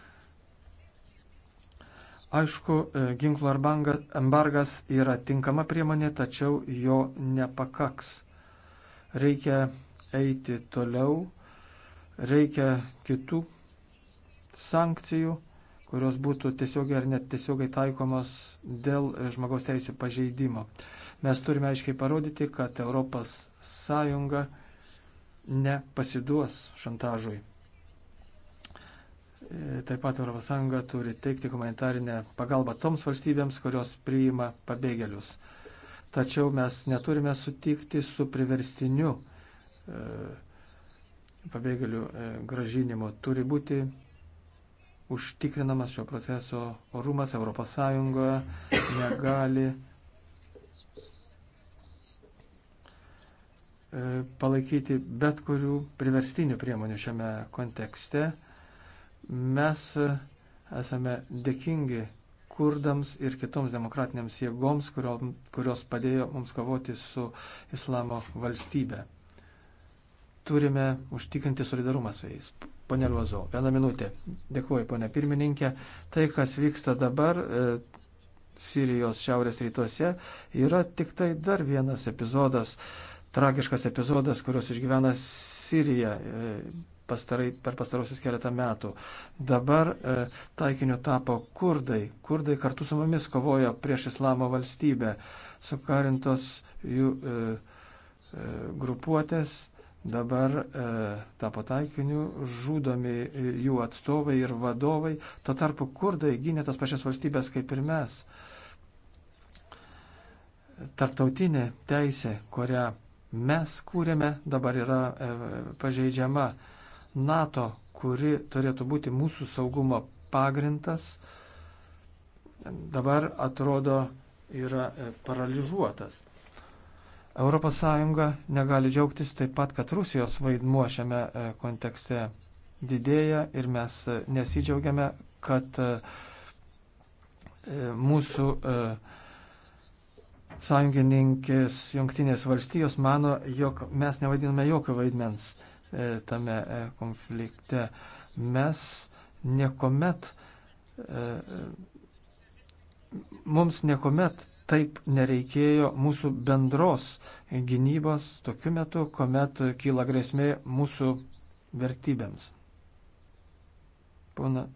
Aišku, e, ginklų embargas yra tinkama priemonė, tačiau jo nepakaks. Reikia eiti toliau, reikia kitų sankcijų, kurios būtų tiesiogiai ar net tiesiogiai taikomos dėl žmogaus teisų pažeidimo. Mes turime aiškiai parodyti, kad ES nepasiduos šantažui. Taip pat ES turi teikti humanitarinę pagalbą toms valstybėms, kurios priima pabėgėlius. Tačiau mes neturime sutikti su priverstiniu e, pabėgėlių e, gražinimu. Turi būti užtikrinamas šio proceso orumas ES negali e, palaikyti bet kurių priverstinių priemonių šiame kontekste. Mes esame dėkingi kurdams ir kitoms demokratinėms jėgoms, kurios padėjo mums kovoti su islamo valstybe. Turime užtikrinti solidarumą su jais. Pone Luozo, vieną minutę. Dėkuoju, pone pirmininkė. Tai, kas vyksta dabar e, Sirijos šiaurės rytuose, yra tik tai dar vienas epizodas, tragiškas epizodas, kurios išgyvena Sirija. E, pastarai, per pastarosius keletą metų. Dabar e, taikiniu tapo kurdai. Kurdai kartu su mumis kovojo prieš islamo valstybę. Sukarintos jų e, e, grupuotės dabar e, tapo taikiniu, žudomi e, jų atstovai ir vadovai. Tuo tarpu kurdai gynė tas pačias valstybės kaip ir mes. Tarptautinė teisė, kurią mes kūrėme, dabar yra e, pažeidžiama. NATO, kuri turėtų būti mūsų saugumo pagrindas, dabar atrodo yra e, paralyžiuotas. ES negali džiaugtis taip pat, kad Rusijos vaidmuo šiame e, kontekste didėja ir mes e, nesidžiaugiame, kad mūsų sąjungininkės Junktinės valstijos mano, jog mes nevaidiname jokio vaidmens E, tame e, konflikte. Mes niekuomet, e, mums niekuomet taip nereikėjo mūsų bendros gynybos tokiu metu, kuomet kyla grėsmė mūsų vertybėms. Pana